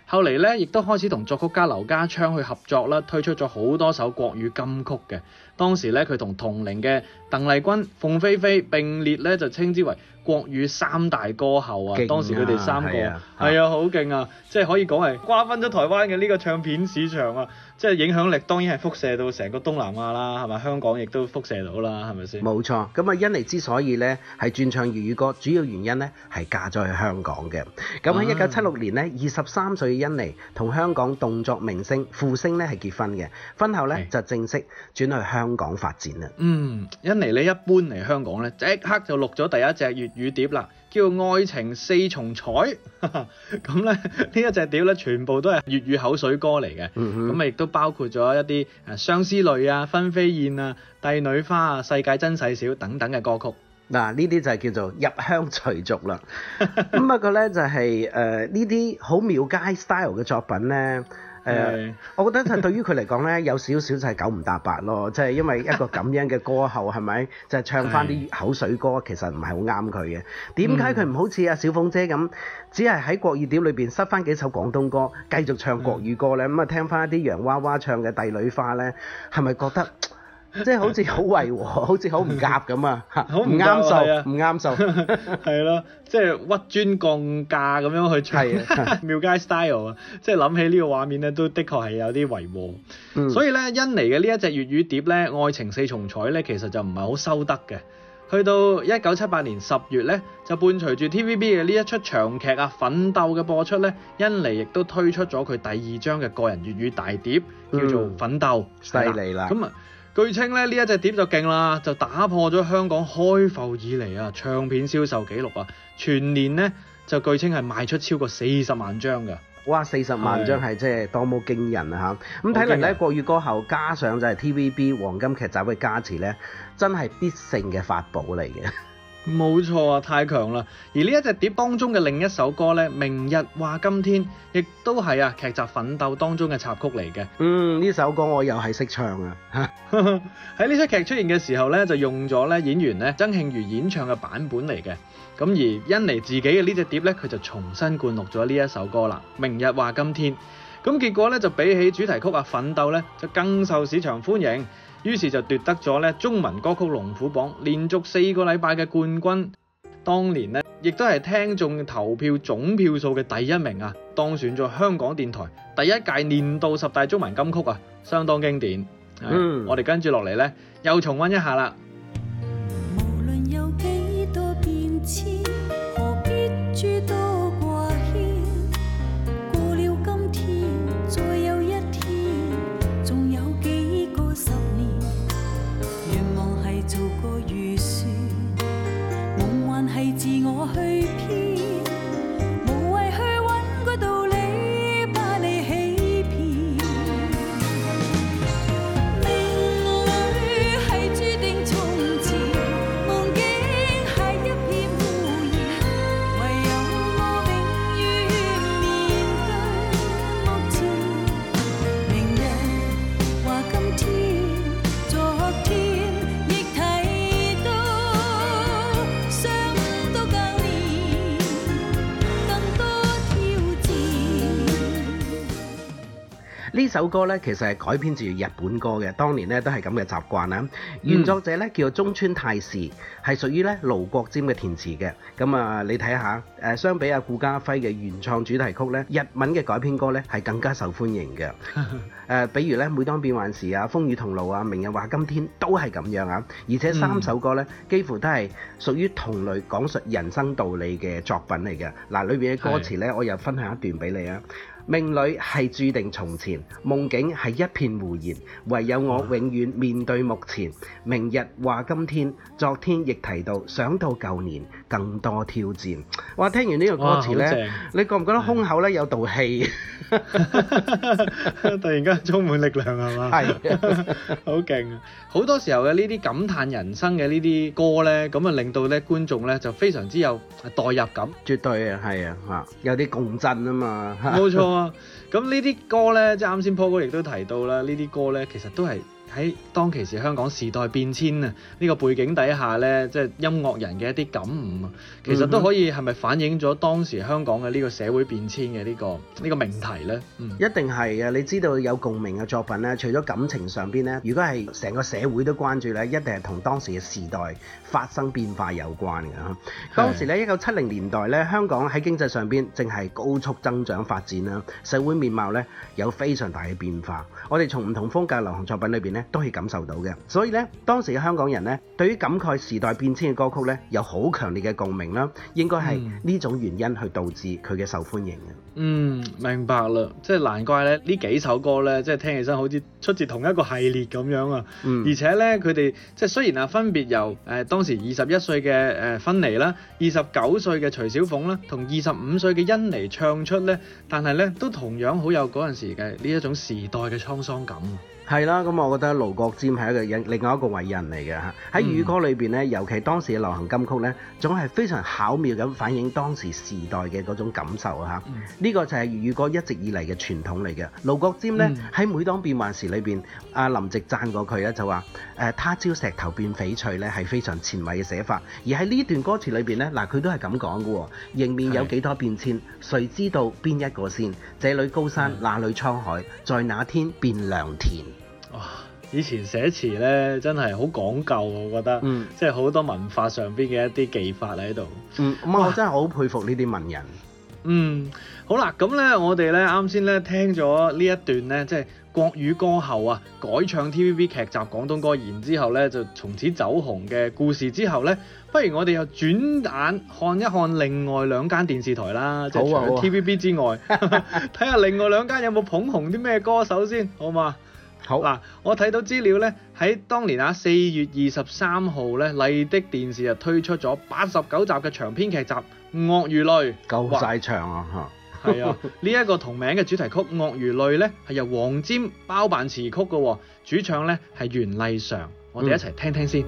後嚟呢，亦都開始同作曲家劉家昌去合作啦，推出咗好多首國語金曲嘅。當時呢，佢同同齡嘅鄧麗君、鳳飛飛並列呢，就稱之為國語三大歌后啊。啊，當時佢哋三個，係啊，好勁啊，啊啊，即係可以講係瓜分咗台灣嘅呢個唱片市場啊。即係影響力當然係輻射到成個東南亞啦，係咪？香港亦都輻射到啦，係咪先？冇錯，咁啊，甄妮之所以咧係轉唱粵語歌，主要原因咧係嫁咗去香港嘅。咁喺一九七六年咧，二十三歲嘅甄妮同香港動作明星傅聲咧係結婚嘅，婚後咧是就正式轉去香港發展啦。嗯，甄妮咧一搬嚟香港咧，即刻就錄咗第一隻粵語碟啦。叫愛情四重彩咁咧， [LAUGHS] 呢一隻碟咧全部都係粵語口水歌嚟嘅，咁啊亦都包括咗一啲誒相思淚啊、分飛燕啊、帝女花啊、世界真細小等等嘅歌曲。嗱、啊，呢啲就係叫做入鄉隨俗啦。咁不過咧，就係誒呢啲好廟街 style 嘅作品咧。誒，uh, Yeah. 我覺得就對於佢嚟講呢 [LAUGHS] 有少少就係九唔搭八咯，即係因為一個咁樣嘅歌后係咪，就係唱翻啲口水歌， [LAUGHS] 其實唔係好啱佢嘅。點解佢唔好似阿小鳳姐咁，只係喺國語碟裏邊塞翻幾首廣東歌，繼續唱國語歌呢？咁啊，聽翻一啲洋娃娃唱嘅《帝女花》呢？係咪覺得？ [LAUGHS] 即係好似好違和， [LAUGHS] 好似好唔夾咁啊！好唔啱受，唔啱受，係咯，即係屈尊降價咁樣去唱，廟的 [LAUGHS] 街 style 啊！即係諗起呢個畫面咧，都的確係有啲違和。嗯、所以咧，甄妮嘅呢一隻粵語碟咧，《愛情四重彩》咧，其實就唔係好收得嘅。去到一九七八年十月咧，就伴隨住 TVB 嘅呢一出長劇啊《奮鬥》嘅播出咧，甄妮亦都推出咗佢第二張嘅個人粵語大碟，叫做《奮鬥》，嗯。犀利啦！咁啊～據稱咧呢一隻碟就勁啦，就打破咗香港開埠以嚟啊唱片銷售記錄啊！全年呢，就據稱係賣出超過四十萬張㗎。哇！四十萬張係真係多麼驚人啊！嚇的，咁睇嚟咧，國語歌后加上就係 TVB 黃金劇集嘅加持呢，真係必勝嘅法寶嚟嘅。冇錯啊，太強啦！而呢一隻碟當中嘅另一首歌咧，《明日話今天》亦都係啊劇集《奮鬥》當中嘅插曲嚟嘅。嗯，呢首歌我又係識唱啊！喺呢出劇出現嘅時候咧，就用咗咧演員咧曾慶如演唱嘅版本嚟嘅。咁而甄妮自己嘅呢隻碟咧，佢就重新灌錄咗呢一首歌啦，《明日話今天》。咁結果咧就比起主題曲啊《奮鬥》咧，就更受市場歡迎。於是就奪得咗中文歌曲龍虎榜連續四個禮拜嘅冠軍，當年呢亦都係聽眾投票總票數嘅第一名啊，當選咗香港電台第一屆年度十大中文金曲啊，相當經典。嗯，哎、我哋跟住落嚟呢，又重温一下啦。首歌咧，其實係改編自日本歌嘅，當年咧都係咁嘅習慣啊。嗯、原作者咧叫中村泰士，係屬於咧盧國沾嘅填詞嘅。咁啊，你睇下誒，相比啊，顧嘉輝嘅原創主題曲咧，日文嘅改編歌咧係更加受歡迎嘅。誒、 [LAUGHS] 呃，比如咧，每當變幻時啊，風雨同路啊，明日話今天都係咁樣啊。而且三首歌咧，嗯、幾乎都係屬於同類講述人生道理嘅作品嚟嘅。嗱、啊，裏邊嘅歌詞咧，我又分享一段俾你啊。命裏係注定從前，夢境係一片胡言，唯有我永遠面對目前。明日話今天，昨天亦提到想到舊年，更多挑戰。哇！聽完呢個歌詞呢，你覺唔覺得胸口呢有道氣？突然間充滿力量係嘛？係，好勁啊！好多時候嘅呢啲感嘆人生嘅呢啲歌呢，咁啊令到呢觀眾呢就非常之有代入感。絕對啊，係啊，嚇有啲共振啊嘛，冇錯。咁呢啲歌咧，即係啱先波哥亦都提到啦，呢啲歌咧其實都係，喺當其時香港時代變遷啊，呢個背景底下咧，即係音樂人嘅一啲感悟啊，其實都可以係咪反映咗當時香港嘅呢個社會變遷嘅呢個呢個命題咧？嗯，一定係啊！你知道有共鳴嘅作品咧，除咗感情上邊咧，如果係成個社會都關注咧，一定係同當時嘅時代發生變化有關嘅。當時呢，一九七零年代咧，香港喺經濟上邊淨係高速增長發展啦，社會面貌咧有非常大嘅變化。我哋從唔同風格流行作品裏邊咧，都可以感受到嘅。所以咧，當時嘅香港人咧，對於感慨時代變遷嘅歌曲咧，有好強烈嘅共鳴啦。應該係呢種原因去導致佢嘅受歡迎嘅。嗯，明白啦。即係難怪咧，呢幾首歌咧，即係聽起身好似出自同一個系列咁樣啊。嗯。而且咧，佢哋即係雖然啊、呃呃，分別由誒當時二十一歲嘅誒芬妮啦、二十九歲嘅徐小鳳啦，同二十五歲嘅甄妮唱出咧，但係咧都同樣好有嗰陣時嘅呢一種時代嘅衝滄桑感。係啦，咁我覺得盧國沾係一個另另外一個偉人嚟嘅嚇。喺粵語歌裏邊咧，尤其當時嘅流行金曲呢，總係非常巧妙咁反映當時時代嘅嗰種感受啊呢、嗯、個就係粵語歌一直以嚟嘅傳統嚟嘅。盧國沾呢，喺、嗯《每當變幻時》裏邊，阿、啊、林夕讚過佢咧就話：誒、呃、他朝石頭變翡翠呢，係非常前衛嘅寫法。而喺呢段歌詞裏邊呢，嗱佢都係咁講嘅迎面有幾多變遷，是誰知道邊一個先？這裏高山，那裏、嗯、滄海，在那天變良田？以前寫詞咧，真係好講究，我覺得，嗯、即係好多文化上邊嘅一啲技法喺度。嗯，咁我真係好佩服呢啲文人。嗯，好啦，咁咧，我哋咧啱先咧聽咗呢一段咧，即係國語歌后啊，改唱 TVB 劇集廣東歌，然之後咧就從此走紅嘅故事之後咧，不如我哋又轉眼看一看另外兩間電視台啦，啊、即係除咗 TVB 之外，睇、啊啊、 [LAUGHS] 下另外兩間有冇捧紅啲咩歌手先，好嗎？好嗱，我睇到資料咧，喺當年啊四月二十三號咧，麗的電視就推出咗八十九集嘅長篇劇集《鱷魚淚》，夠晒長啊！係哇 [LAUGHS] 啊，呢、這、一個同名嘅主題曲《鱷魚淚》咧，係由黃霑包辦詞曲嘅，主唱咧係袁麗嫦，嗯、我哋一齊聽聽先。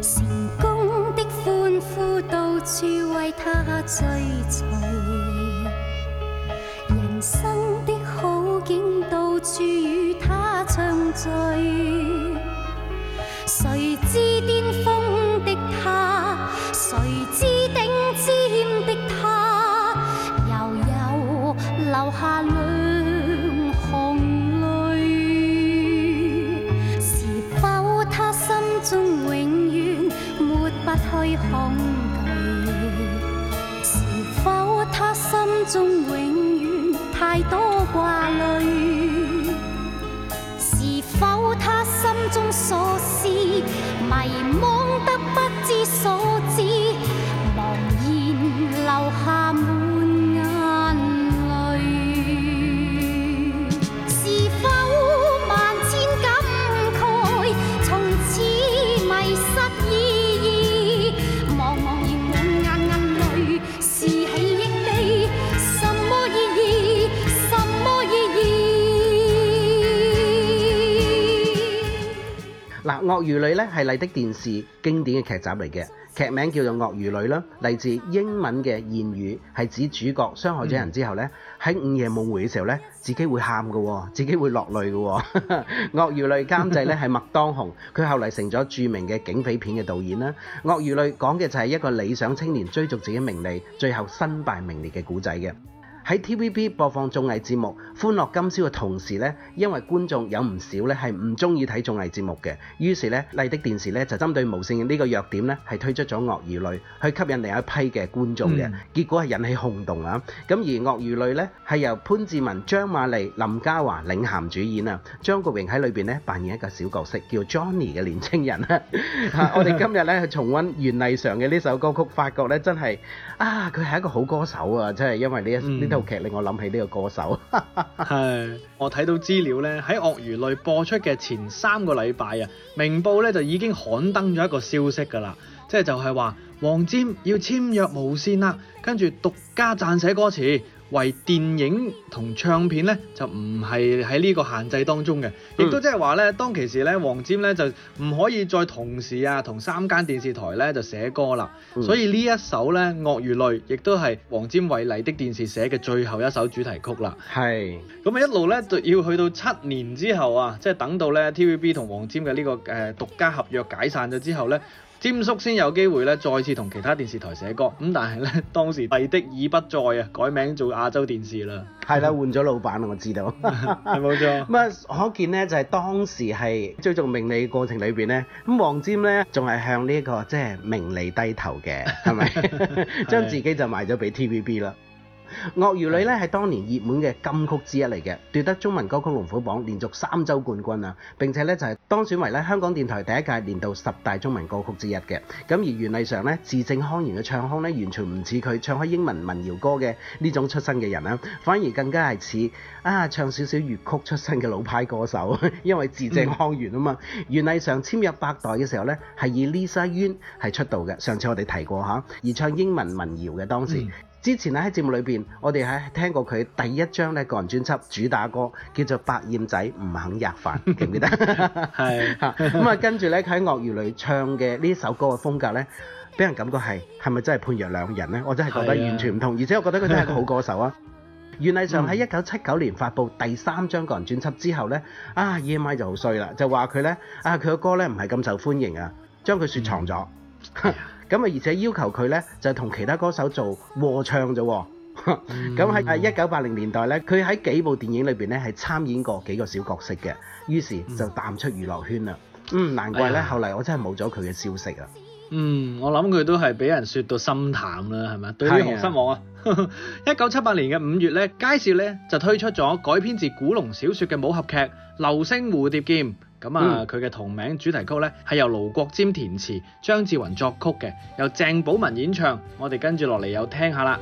成功的歡呼到處為他醉醉，到他，」處與他暢聚，誰知巔峰？鱷魚淚咧係麗的電視經典嘅劇集嚟嘅，劇名叫做《鱷魚淚》啦，嚟自英文嘅諺語，係指主角傷害咗人之後咧，喺午夜夢回嘅時候咧，自己會喊嘅，自己會落淚嘅。鱷魚淚監製咧係麥當雄，佢後嚟成咗著名嘅警匪片嘅導演啦。鱷魚淚講嘅就係一個理想青年追逐自己名利，最後身敗名裂嘅故仔嘅。喺 TVB 播放綜藝節目《歡樂今宵》嘅同時咧，因為觀眾有唔少咧係唔中意睇綜藝節目嘅，於是咧麗的電視咧就針對無線呢個弱點咧係推出咗《鱷魚淚》去吸引另一批嘅觀眾嘅，結果係引起轟動啊！咁而《鱷魚淚》咧係由潘志文、張瑪麗、林嘉華領銜主演啊，張國榮喺裏邊咧扮演一個小角色叫 Johnny 嘅年青人啊！我哋今日咧去重温袁麗嫦嘅呢首歌曲，發覺咧真係啊佢係一個好歌手啊！真係因為呢呢部劇令我諗起呢個歌手， [LAUGHS] 係我睇到資料呢，喺鱷魚淚播出嘅前三個禮拜啊，明報呢就已經刊登咗一個消息噶啦，即係就係話黃霑要簽約無線啦，跟住獨家撰寫歌詞。為電影同唱片咧就唔係喺呢個限制當中嘅，亦都即係話咧，當其時咧黃霑咧就唔可以再同時啊同三間電視台咧就寫歌啦，嗯、所以呢一首咧《鱷魚淚》亦都係黃霑為麗的電視寫嘅最後一首主題曲啦。係，咁啊一路咧就要去到七年之後啊，即係等到咧 TVB 同黃霑嘅呢個誒獨家合約解散咗之後咧。霑叔先有機會咧，再次同其他電視台寫歌，咁但係咧，當時麗的已不在啊，改名做亞洲電視啦。係啦、嗯，換咗老闆我知道。係 [LAUGHS] 冇、嗯、錯。咁啊，可見咧，就係、是、當時係追逐名利嘅過程裏邊咧，咁黃霑咧，仲係向呢、這、一個即係名利低頭嘅，係咪 [LAUGHS] 是吧？ [LAUGHS] 將自己就賣咗俾 TVB 啦。《鱷魚淚》咧係當年熱門嘅金曲之一嚟嘅，奪得中文歌曲龍虎榜連續三週冠軍啊！並且咧就係當選為咧香港電台第一屆年度十大中文歌曲之一嘅。咁而袁麗嫦咧，字正腔圓嘅唱腔咧，完全唔似佢唱開英文民謠歌嘅呢種出身嘅人啊，反而更加係似啊唱少少粵曲出身嘅老派歌手，因為字正腔圓啊嘛。袁麗嫦簽入百代嘅時候咧，係以 Lisa Yuen 係出道嘅。上次我哋提過嚇，而唱英文民謠嘅當時。嗯之前咧喺節目裏邊，我哋喺聽過佢第一張咧個人專輯主打歌叫做《百厭仔唔肯吔飯》，記唔記得？係。咁啊，跟住咧佢喺鱷魚淚裏唱嘅呢首歌嘅風格咧，俾人感覺係係咪真係判若兩人咧？我真係覺得完全唔同，而且我覺得佢真係個好歌手啊！袁麗嫦喺一九七九年發布第三張個人專輯之後咧，啊 EMI 就好衰啦，就話佢咧啊，佢嘅歌咧唔係咁受歡迎啊，將佢雪藏咗。 [LAUGHS] 記咁啊，而且要求佢呢就同其他歌手做和唱啫。咁喺一九八零年代呢，佢喺幾部電影裏邊呢係參演過幾個小角色嘅，於是就淡出娛樂圈啦。嗯，難怪呢。哎、呀後嚟我真係冇咗佢嘅消息啊。嗯，我諗佢都係俾人說到心淡啦，係咪啊？對何，何失望啊？一九七八年嘅五月呢，佳視呢就推出咗改編自古龍小說嘅武俠劇《流星蝴蝶劍》。咁啊！佢嘅、嗯、同名主題曲咧係由盧國沾填詞，張志雲作曲嘅，由鄭寶雯演唱。我哋跟住落嚟又聽下啦。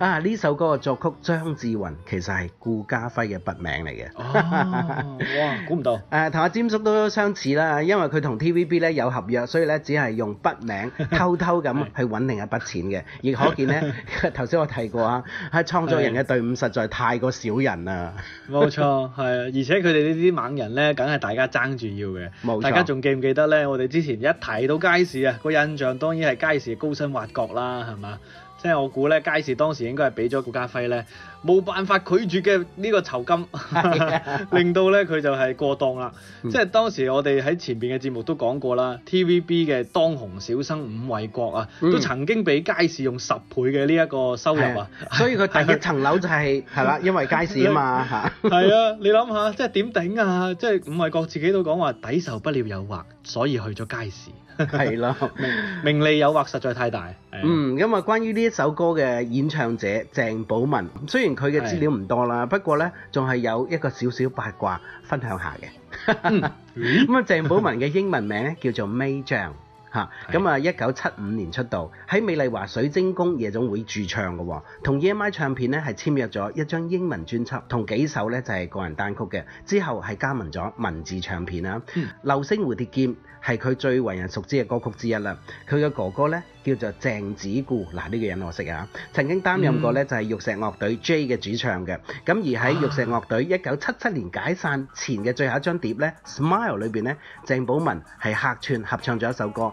啊！呢首歌嘅作曲張志雲其實係顧嘉輝嘅筆名嚟嘅。 [LAUGHS] 哇！估唔到。誒、啊，同阿詹叔都相似啦，因為佢同 TVB 咧有合約，所以咧只係用筆名偷偷咁去揾另一筆錢嘅。亦 [LAUGHS] 可見咧，頭先我提過啊，喺創作人嘅隊伍實在太過少人啦。冇 [LAUGHS] 錯，係啊，而且佢哋呢啲猛人咧，梗係大家爭住要嘅。冇錯。大家仲記唔記得咧？我哋之前一提到街市啊，個印象當然係街市高薪挖角啦，係嘛？即係我估咧，佳視當時應該係俾咗顧嘉輝咧，冇辦法拒絕嘅呢個酬金， [LAUGHS] 令到咧佢就係過檔啦。嗯、即係當時我哋喺前邊嘅節目都講過啦，TVB 嘅當紅小生伍衛國啊，都曾經俾佳視用十倍嘅呢一個收入啊，嗯、 [LAUGHS] 所以佢第一層樓就係係啦，因為佳視啊嘛嚇。係 [LAUGHS] [LAUGHS] 啊，你諗下，即係點頂啊？即係伍衛國自己都講話抵受不了誘惑，所以去咗佳視。係咯， [LAUGHS] 名利誘惑實在太大。 [LAUGHS] 嗯，咁啊，關於呢一首歌嘅演唱者鄭寶雯，雖然佢嘅資料唔多啦，的不過呢仲係有一個小小八卦分享下嘅。咁啊，鄭寶雯嘅英文名呢叫做 May John John 嚇，咁啊，一九七五年出道，喺美麗華水晶宮夜總會駐唱嘅喎，同 EMI 唱片咧係簽約咗一張英文專輯，同幾首咧就係個人單曲嘅。之後係加盟咗文字唱片啊、嗯。《流星蝴蝶劍》係佢最為人熟知嘅歌曲之一啦。佢嘅哥哥咧叫做鄭子固，嗱、這、呢個人我識啊，曾經擔任過咧就係玉石樂隊 J 嘅主唱嘅。咁而喺玉石樂隊一九七七年解散前嘅最後一張碟咧《Smile》裏邊咧，鄭寶雯係客串合唱咗一首歌。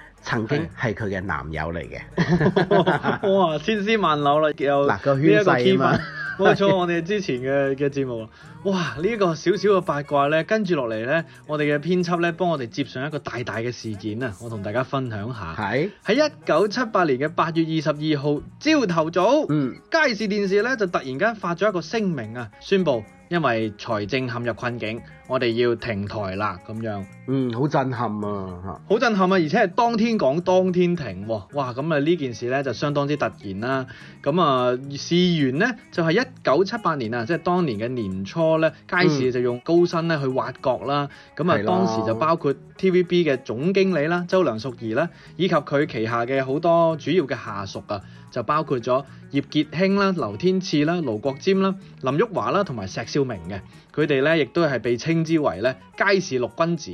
曾經係佢嘅男友嚟嘅，哇！千絲萬縷啦，又嗱個圈世， [LAUGHS] 冇錯我哋之前嘅嘅節目哇！呢、這、一個小小嘅八卦咧，跟住落嚟咧，我哋嘅編輯咧幫我哋接上一個大大嘅事件啊！我同大家分享下，係喺一九七八年嘅八月二十二號朝頭早，嗯，佳視電視咧就突然間發咗一個聲明啊，宣布。因為財政陷入困境，我哋要停台啦咁樣。嗯，好震撼啊！嚇，好震撼啊！而且係當天講當天停喎、啊。哇！咁啊呢件事咧就相當之突然啦、啊。咁啊，事緣呢，就係一九七八年啊，即係當年嘅年初咧，佳視就用高薪咧去挖角啦。咁啊，當時就包括 TVB 嘅總經理啦、啊，周梁淑怡啦、啊，以及佢旗下嘅好多主要嘅下屬啊，就包括咗。葉結興啦、劉天賜啦、盧國沾啦、林旭華啦，同埋石少明嘅，佢哋咧亦都係被稱之為咧佳視六君子。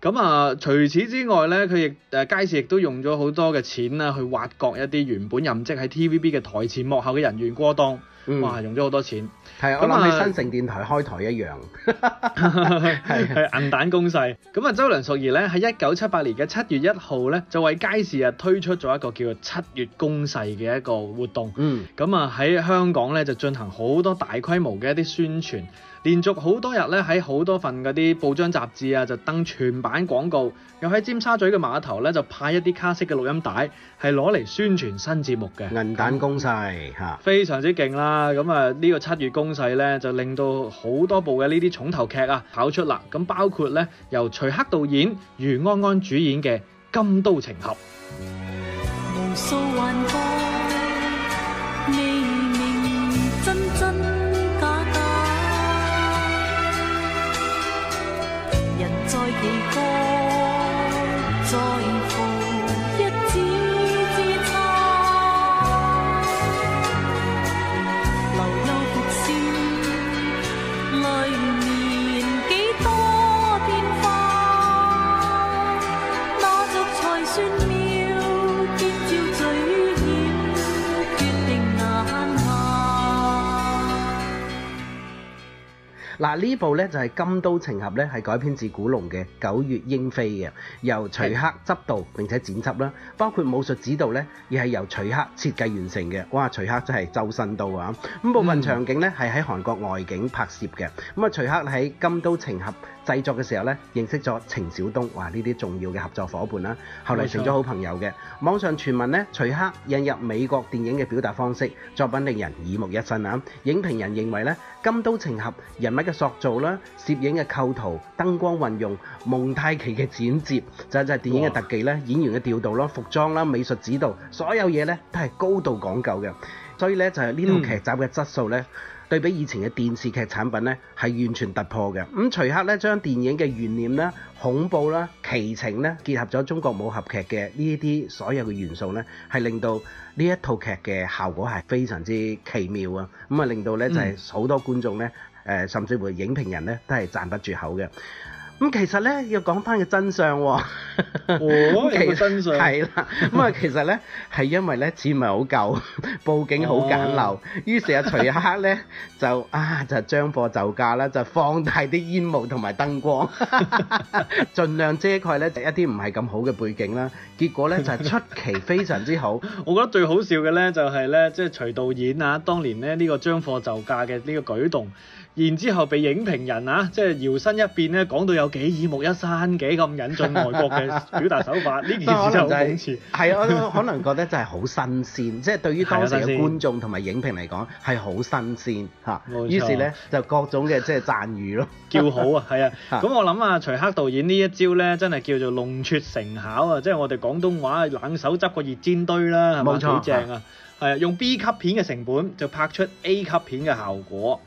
咁啊，除此之外咧，佢亦誒佳視亦都用咗好多嘅錢啦，去挖角一啲原本任職喺 TVB 嘅台前幕後嘅人員過檔，哇，用咗好多錢。係，對嗯、我諗起新城電台開台一樣 [LAUGHS] 是，係銀彈攻勢。咁啊，周梁淑怡咧喺一九七八年嘅七月一號咧，就為佳視啊推出咗一個叫做七月攻勢嘅一個活動。嗯，咁啊喺香港咧就進行好多大規模嘅一啲宣傳。連續好多日咧喺好多份嗰啲報章雜誌啊就登全版廣告，又喺尖沙咀嘅碼頭咧就派一啲卡式嘅錄音帶，係攞嚟宣傳新節目嘅銀彈攻勢吓，嗯、非常之勁啦！咁啊呢個七月攻勢咧就令到好多部嘅呢啲重頭劇啊跑出啦，咁包括咧由徐克導演、余安安主演嘅《金刀情俠》。 [MUSIC] 嗱、啊、呢部咧就係、是《金刀情俠》咧，係改編自古龍嘅《九月鷹飛》嘅，由徐克執導並且剪輯啦，包括武術指導咧亦係由徐克設計完成嘅。哇，徐克真係周身刀啊！咁部分場景咧係喺韓國外景拍攝嘅。咁、嗯、啊，徐克喺《金刀情俠》製作嘅時候咧，認識咗程小東，哇！呢啲重要嘅合作伙伴啦，後嚟成咗好朋友嘅。錯網上傳聞咧，徐克引入美國電影嘅表達方式，作品令人耳目一新啊！影評人認為咧，《金刀情俠》人物嘅塑造啦，攝影嘅構圖、燈光運用、蒙太奇嘅剪接，就就係電影嘅特技咧，哇演員嘅調度咯，服裝啦、美術指導，所有嘢咧都係高度講究嘅。所以呢，就係呢套劇集嘅質素咧。嗯對比以前嘅電視劇產品咧，係完全突破嘅。咁徐克咧將電影嘅懸念啦、恐怖啦、奇情咧結合咗中國武俠劇嘅呢一啲所有嘅元素咧，係令，令到呢一套劇嘅效果係非常之奇妙啊！咁啊令到咧就係、是、好多觀眾咧，誒、呃、甚至乎影評人咧都係讚不絕口嘅。咁其實咧要講翻個真相喎、哦，哇其實真相係啦，咁啊了 [LAUGHS] 其實咧係因為咧錢唔係好夠，佈景好簡陋，哇於是徐呢啊徐克咧就啊就將貨就價啦，就放大啲煙霧同埋燈光，儘 [LAUGHS] 量遮蓋咧一啲唔係咁好嘅背景啦。結果咧就係、出奇非常之好。 [LAUGHS] 我覺得最好笑嘅咧就係、係、咧，即、就、係、係、徐導演啊，當年咧呢、呢個將貨就價嘅呢個舉動。然之後被影評人啊，即係搖身一變咧，講到有幾耳目一新，幾咁引進外國嘅表達手法，呢 [LAUGHS] 件事就好諷刺。係咯， [LAUGHS] 可能覺得真係好新鮮， [LAUGHS] 即係對於當時嘅觀眾同埋影評嚟講係好新鮮嚇。冇錯、啊、於是咧就各種嘅即係讚譽咯，叫好 [LAUGHS] 啊，係啊。咁我諗啊，徐克導演呢一招咧真係叫做弄拙成巧啊，即係我哋廣東話冷手執個熱煎堆啦，係嘛？好正啊，係啊，用 B 級片嘅成本就拍出 A 級片嘅效果。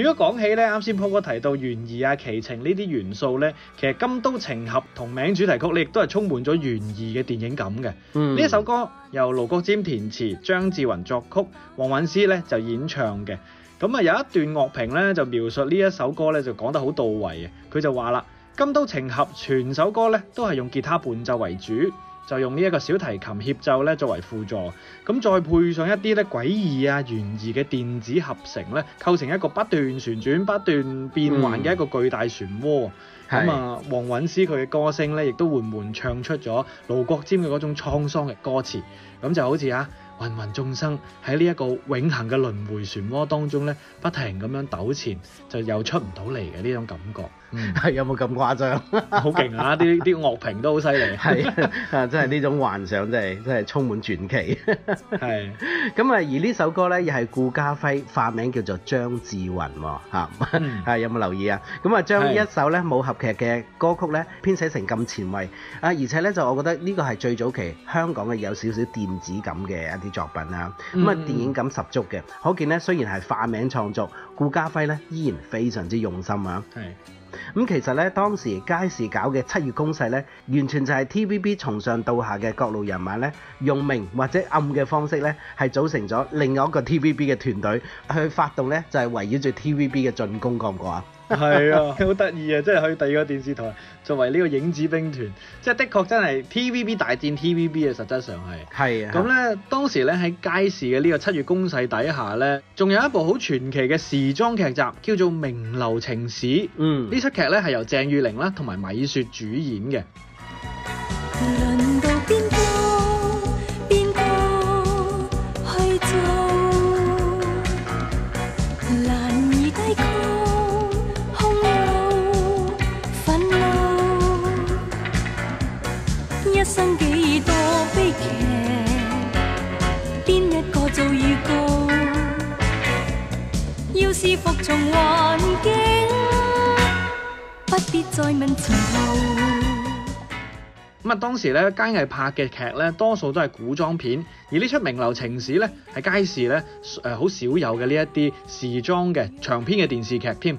如果講起咧，啱先波哥提到懸疑啊、奇情呢啲元素咧，其實《金刀情俠》同名主題曲咧，亦都係充滿咗懸疑嘅電影感嘅。呢、嗯、一首歌由盧國沾填詞，張志雲作曲，黃韻詩咧就演唱嘅。咁啊有一段樂評咧就描述呢一首歌咧就講得好到位啊，佢就話啦，《金刀情俠》全首歌咧都係用吉他伴奏為主。就用呢一個小提琴協奏咧作為輔助，咁再配上一啲咧詭異啊、懸疑嘅電子合成咧，構成一個不斷旋轉、不斷變幻嘅一個巨大漩渦。咁、嗯、啊，是黃韻詩佢嘅歌聲咧，亦都緩緩唱出咗盧國沾嘅嗰種滄桑嘅歌詞。咁就好似啊，芸芸眾生喺呢一個永恆嘅輪迴漩渦當中咧，不停咁樣糾纏，就又出唔到嚟嘅呢種感覺。係 [NOISE] 有冇咁誇張？好勁啊！啲啲樂評都好犀利，係啊，真係呢種幻想真係真係充滿傳奇。係咁啊， [LAUGHS] 而呢首歌呢，又係顧嘉輝化名叫做張志雲喎，嚇 [LAUGHS] [LAUGHS] 有冇留意啊？咁啊、嗯，將一首咧武俠劇嘅歌曲呢，編寫成咁前衞啊，而且呢，就我覺得呢個係最早期香港嘅有少少電子感嘅一啲作品啦。咁啊，電影感十足嘅，可、嗯、見呢，雖然係化名創作，顧嘉輝呢依然非常之用心啊。係、嗯。咁其實咧，當時佳視搞嘅七月攻勢咧，完全就係 TVB 從上到下嘅各路人馬咧，用明或者暗嘅方式咧，係組成咗另外一個 TVB 嘅團隊去發動咧，就係圍繞住 TVB 嘅進攻，覺唔覺啊？係啊，好得意啊！即係去第二個電視台，作為呢個影子兵團，即 [NOISE] 係樂、 [MUSIC] [MUSIC] [MUSIC] 就是、的確真係 TVB 大戰 TVB 啊！TV 實質上係，係啊。咁呢，當時呢，喺佳視嘅呢個七月攻勢底下呢，仲有一部好傳奇嘅時裝劇集，叫做《名流情史》。 [MUSIC] 嗯，呢出劇呢，係由鄭裕玲啦同埋米雪主演嘅。 [MUSIC] 咁啊、嗯，當時咧，佳藝拍嘅劇咧，多數都係古裝片，而呢出《名流情史》咧，係佳視咧，誒，好少有嘅呢一啲時裝嘅長篇嘅電視劇添。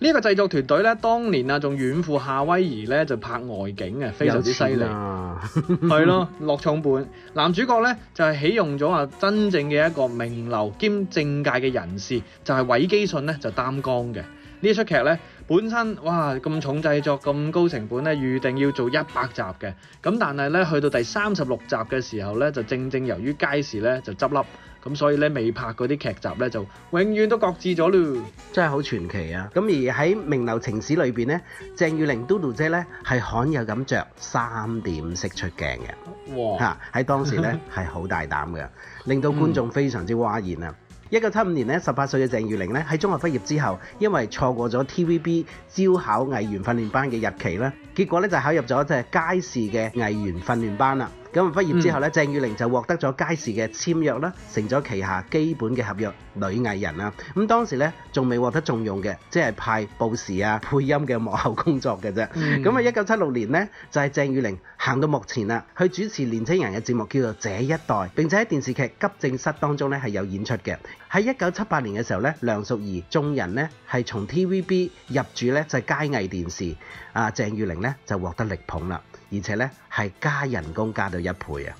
這個、製呢一個製作團隊咧，當年啊，仲遠赴夏威夷咧，就拍外景啊，非常之犀利，係錢、啊、 [LAUGHS] 咯，落重本。 [LAUGHS] 男主角咧，就係、是、起用咗啊，真正嘅一個名流兼政界嘅人士，就係韋基舜，咧，就擔綱嘅呢出劇咧。本身哇咁重製作咁高成本咧，預定要做一百集嘅，咁但係咧去到第三十六集嘅時候咧，就正正由於佳視咧就執笠，咁所以咧未拍嗰啲劇集咧就永遠都擱置咗咯，真係好傳奇啊！咁而喺《名流情史》裡面裏邊呢，鄭裕玲 do do 姐咧係罕有咁着三點式出鏡嘅，嚇喺哇、啊、當時咧係好大膽嘅，令到觀眾非常之嘩然啊！嗯一九七五年十八歲嘅鄭裕玲喺中學畢業之後，因為錯過咗 TVB 招考藝員訓練班嘅日期啦，結果就考入咗即係佳視嘅藝員訓練班咁啊！畢業之後咧，嗯、鄭裕玲就獲得咗佳視嘅簽約啦，成咗旗下基本嘅合約女藝人啦。咁、嗯、當時咧仲未獲得重用嘅，即係派布時啊、配音嘅幕後工作嘅啫。咁啊、嗯，一九七六年呢，就係、是、鄭裕玲行到幕前啦，去主持年青人嘅節目叫做《這一代》，並且喺電視劇《急症室》當中咧係有演出嘅。喺一九七八年嘅時候咧，梁淑儀、眾人呢，係從 TVB 入駐咧就係、是、佳藝電視，啊，鄭裕玲呢，就獲得力捧啦。而且咧係加人工加到一倍啊！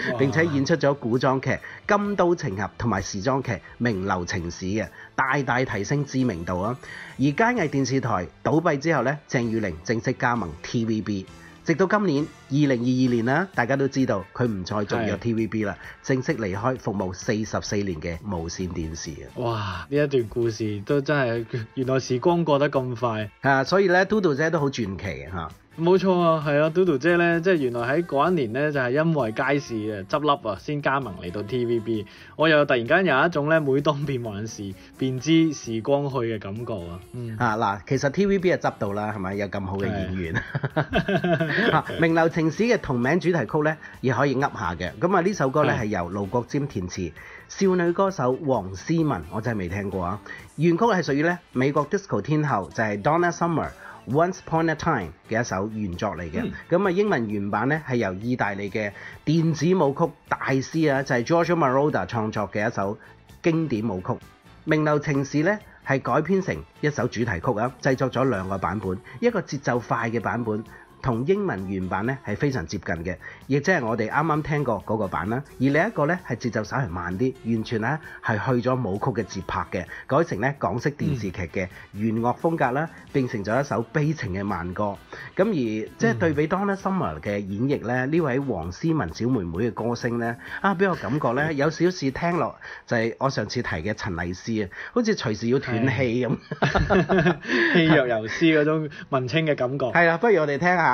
[LAUGHS] 並且演出咗古裝劇《金刀情俠》同埋時裝劇《名流情史、啊》嘅，大大提升知名度啊！而佳藝電視台倒閉之後咧，鄭裕玲正式加盟 TVB，直到今年二零二二年啦、啊，大家都知道佢唔再續約 TVB 啦，的正式離開服務四十四年嘅無線電視啊！哇！呢一段故事都真係原來時光過得咁快啊。所以咧 Dodo 姐都好傳奇嚇、啊。冇錯啊，係啊嘟嘟姐呢，即係原來喺嗰一年呢，就係、是、因為佳視嘅執笠啊，先加盟嚟到 TVB。我又突然間有一種呢，每當變幻時，便知時光去嘅感覺、嗯、啊。啊嗱，其實 TVB 係執到啦，係咪有咁好嘅演員？名流情史嘅同名主題曲呢，亦可以噏下嘅。咁啊，呢首歌呢，係由盧國沾填詞，嗯、少女歌手黃思文。我真係未聽過啊。原曲係屬於呢美國 disco 天後就係、是、Donna Summer。Once upon a time 嘅一首原作嚟嘅，咁啊、嗯、英文原版咧係由意大利嘅電子舞曲大師啊，就係 Giorgio Moroder 創作嘅一首經典舞曲，《名流情史》咧係改編成一首主題曲啊，製作咗兩個版本，一個節奏快嘅版本。同英文原版咧係非常接近嘅，亦即係我哋啱啱聽過嗰個版啦。而另一個呢，係節奏稍為慢啲，完全呢，係去咗舞曲嘅節拍嘅，改成呢港式電視劇嘅弦樂風格啦，變成咗一首悲情嘅慢歌。咁而即係對比 Donna Summer 嘅演繹呢，呢位黃詩文小妹妹嘅歌聲呢，啊，俾我感覺呢，有少少聽落就係、是、我上次提嘅陳麗斯啊，好似隨時要斷氣咁，氣若游絲嗰種文青嘅感覺係啦，不如我哋聽下。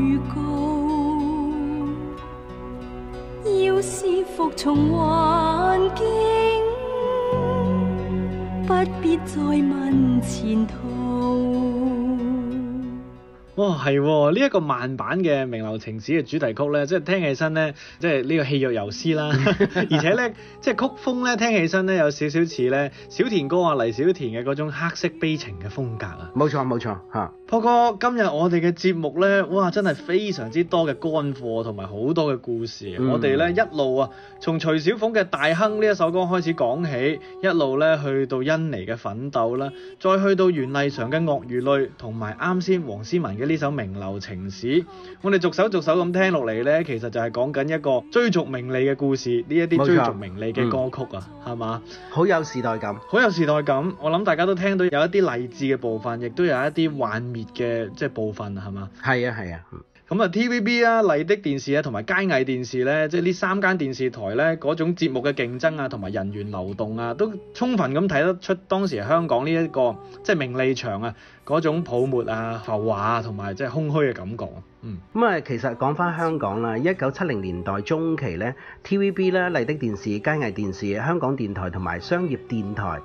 是服從環境，不必再問前途。哦，係呢一個慢版嘅《名流情史》嘅主題曲咧，即係聽起身咧，即係呢個氣若游絲啦， [LAUGHS] 而且咧，即係曲風咧，聽起身咧，有少少似咧小田哥啊黎小田嘅嗰種黑色悲情嘅風格啊，冇錯冇錯吓。Paul 哥，今日我哋嘅節目呢，哇，真係非常之多嘅乾貨同埋好多嘅故事。嗯、我哋呢一路啊，從徐小鳳嘅《大亨》呢一首歌開始講起，一路呢去到甄妮嘅《奮鬥》啦，再去到袁麗嫦嘅《鱷魚淚》，同埋啱先黃思文嘅呢首《名流情史》。我哋逐首逐首咁聽落嚟呢，其實就係講緊一個追逐名利嘅故事。呢一啲追逐名利嘅歌曲啊，係嘛、嗯？吧好有時代感，好有時代感。我諗大家都聽到有一啲勵志嘅部分，亦都有一啲幻嘅即係部分係嘛？係啊係啊。咁啊、嗯、TVB 啊麗的電視啊同埋佳藝電視咧，即係呢三間電視台咧嗰種節目嘅競爭啊，同埋人員流動啊，都充分咁睇得出當時香港呢、這、一個即係、就是、名利場啊嗰種泡沫啊浮華啊同埋即係空虛嘅感覺。嗯。咁啊其實講返香港啦，一九七零年代中期咧，TVB 咧麗的電視、佳藝電視、香港電台同埋商業電台。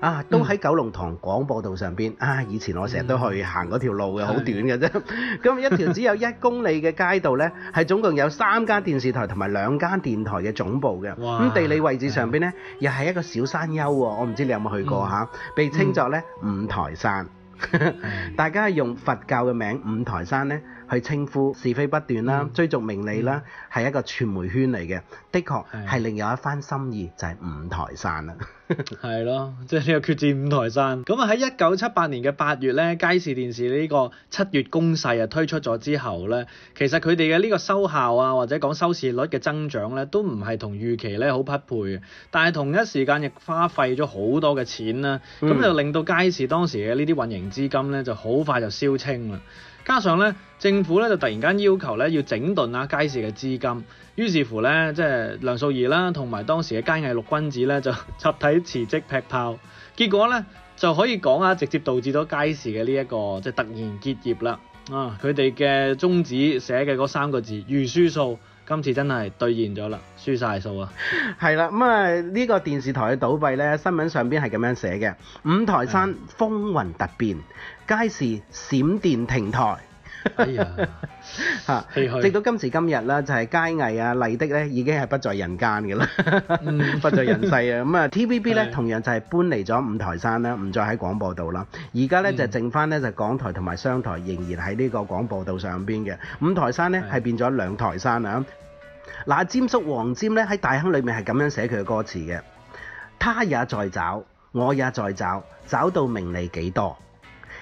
啊，都喺九龍塘廣播道上邊啊！以前我成日都去、嗯、行嗰條路嘅，好短嘅啫。咁、嗯、 [LAUGHS] 一條只有一公里嘅街道呢，係總共有三間電視台同埋兩間電台嘅總部嘅。咁哇地理位置上邊呢，又係一個小山丘喎。我唔知你有冇去過嚇、嗯啊，被稱作咧、嗯、五台山。 [LAUGHS] 大家用佛教嘅名五台山呢。去稱呼是非不斷啦，嗯、追逐名利啦，係、嗯、一個傳媒圈嚟嘅，的確係另有一番心意，的就係五台山啦。係 [LAUGHS] 咯，即係呢個決戰五台山。咁啊喺一九七八年嘅八月咧，佳視電視呢個七月攻勢啊推出咗之後咧，其實佢哋嘅呢個收效啊，或者講收視率嘅增長咧，都唔係同預期咧好匹配嘅。但係同一時間亦花費咗好多嘅錢啦，咁、嗯、就令到佳視當時嘅呢啲運營資金咧，就好快就燒清啦。加上咧，政府咧就突然間要求咧要整頓啊佳視嘅資金，於是乎咧即係梁素儀啦，同埋當時嘅佳藝六君子咧就集體辭職劈炮，結果咧就可以講啊，直接導致咗佳視嘅呢一個即係、就是、突然結業啦。啊，佢哋嘅宗旨寫嘅嗰三個字，輸數，今次真係兌現咗啦，輸晒數啊！係啦，咁啊呢個電視台嘅倒閉咧，新聞上邊係咁樣寫嘅，五台山風雲突變。佳視閃電停台，哎呀，哈！直到今時今日啦，就係佳藝啊、麗的咧，已經係不在人間嘅啦，不在人世啊。咁啊，T.V.B. 咧，同樣就係搬嚟咗五台山啦，唔再喺廣播度啦。而家咧就剩翻咧，就港台同埋商台仍然喺呢個廣播道上邊嘅五台山咧，係變咗兩台山啊。嗱，霑叔黃霑咧喺大亨裏面係咁樣寫佢嘅歌詞嘅，他也在找我也在找，找到名利幾多。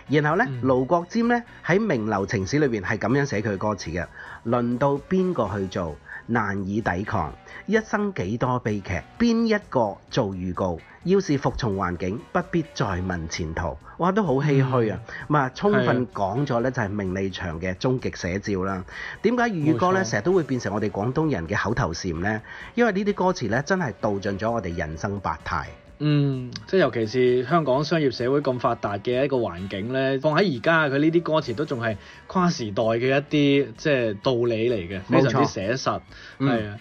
然後咧，嗯、盧國沾咧喺名流情史裏邊係咁樣寫佢嘅歌詞嘅。輪到邊個去做，難以抵抗。一生幾多悲劇，邊一個做預告？要是服從環境，不必再問前途。哇，都好唏噓啊！咁、嗯、啊，充分講咗咧，就係名利場嘅終極寫照啦。點解粵語歌咧成日都會變成我哋廣東人嘅口頭禪呢？因為呢啲歌詞咧真係道盡咗我哋人生百態。嗯，即係尤其是香港商業社會咁發達嘅一個環境咧，放喺而家佢呢啲歌詞都仲係跨時代嘅一啲即係道理嚟嘅，沒錯，非常之寫實，係啊、嗯。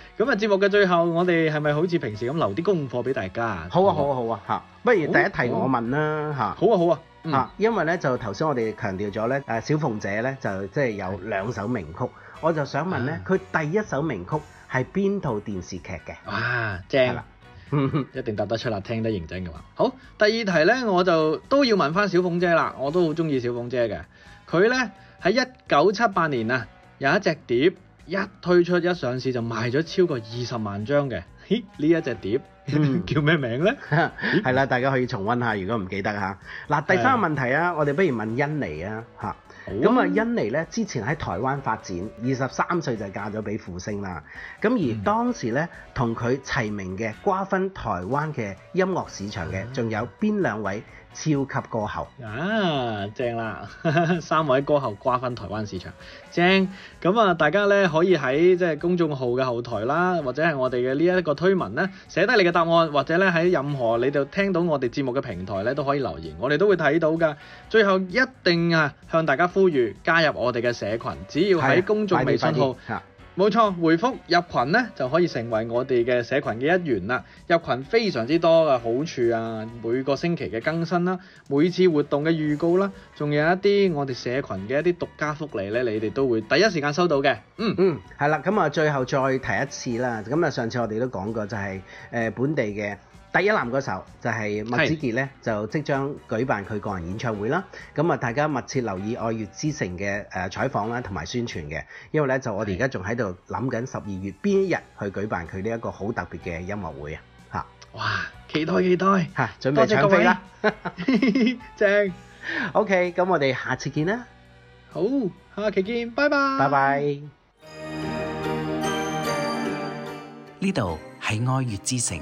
今日節目嘅最後，我哋係咪好似平時咁留啲功課俾大家？好啊，好啊，好啊，嚇！不如第一題我問啦，嚇、啊！好啊，好啊，嚇、嗯！因為咧就頭先我哋強調咗咧，誒小鳳姐咧就即係有兩首名曲，的我就想問咧，佢第一首名曲係邊套電視劇嘅？哇，正啦！的 [LAUGHS] 一定答得出啦，聽得認真嘅話。好，第二題咧，我就都要問翻小鳳姐啦，我都好中意小鳳姐嘅。佢咧喺一九七八年啊，有一隻碟。一推出一上市就賣咗超過二十萬張嘅，呢 [LAUGHS] 一隻碟、嗯、 [LAUGHS] 叫咩名呢？係啦、嗯， [LAUGHS] 大家可以重溫下，如果唔記得嚇。嗱、啊，第三個問題啊，的我哋不如問甄妮啊，嚇咁啊，甄妮咧之前喺台灣發展，二十三歲就嫁咗俾傅聲啦。咁而當時呢，同佢齊名嘅瓜分台灣嘅音樂市場嘅，仲有邊兩位？超級歌后，啊，正啦！ [LAUGHS] 三位歌后瓜分台灣市場，正咁啊！大家咧可以喺即係公眾號嘅後台啦，或者係我哋嘅呢一個推文咧，寫低你嘅答案，或者咧喺任何你度聽到我哋節目嘅平台咧都可以留言，我哋都會睇到噶。最後一定啊向大家呼籲加入我哋嘅社群，只要喺公眾微信號。冇錯，回覆入群咧就可以成為我哋嘅社群嘅一員啦。入群非常之多嘅好處啊，每個星期嘅更新啦、啊，每次活動嘅預告啦、啊，仲有一啲我哋社群嘅一啲獨家福利咧，你哋都會第一時間收到嘅。嗯嗯，係啦，咁啊，最後再提一次啦。咁啊，上次我哋都講過、就是，就係誒本地嘅。第一欄嗰首就係麥子傑咧，是就即將舉辦佢個人演唱會啦。咁啊，大家密切留意愛粵之城嘅誒採訪啦，同埋宣傳嘅。因為咧，就我哋而家仲喺度諗緊十二月邊一日去舉辦佢呢一個好特別嘅音樂會啊！吓，哇，期待期待嚇，準備搶飛啦！ [LAUGHS] [LAUGHS] 正 OK，咁我哋下次見啦。好，下期見，拜拜，拜拜。呢度係愛粵之城。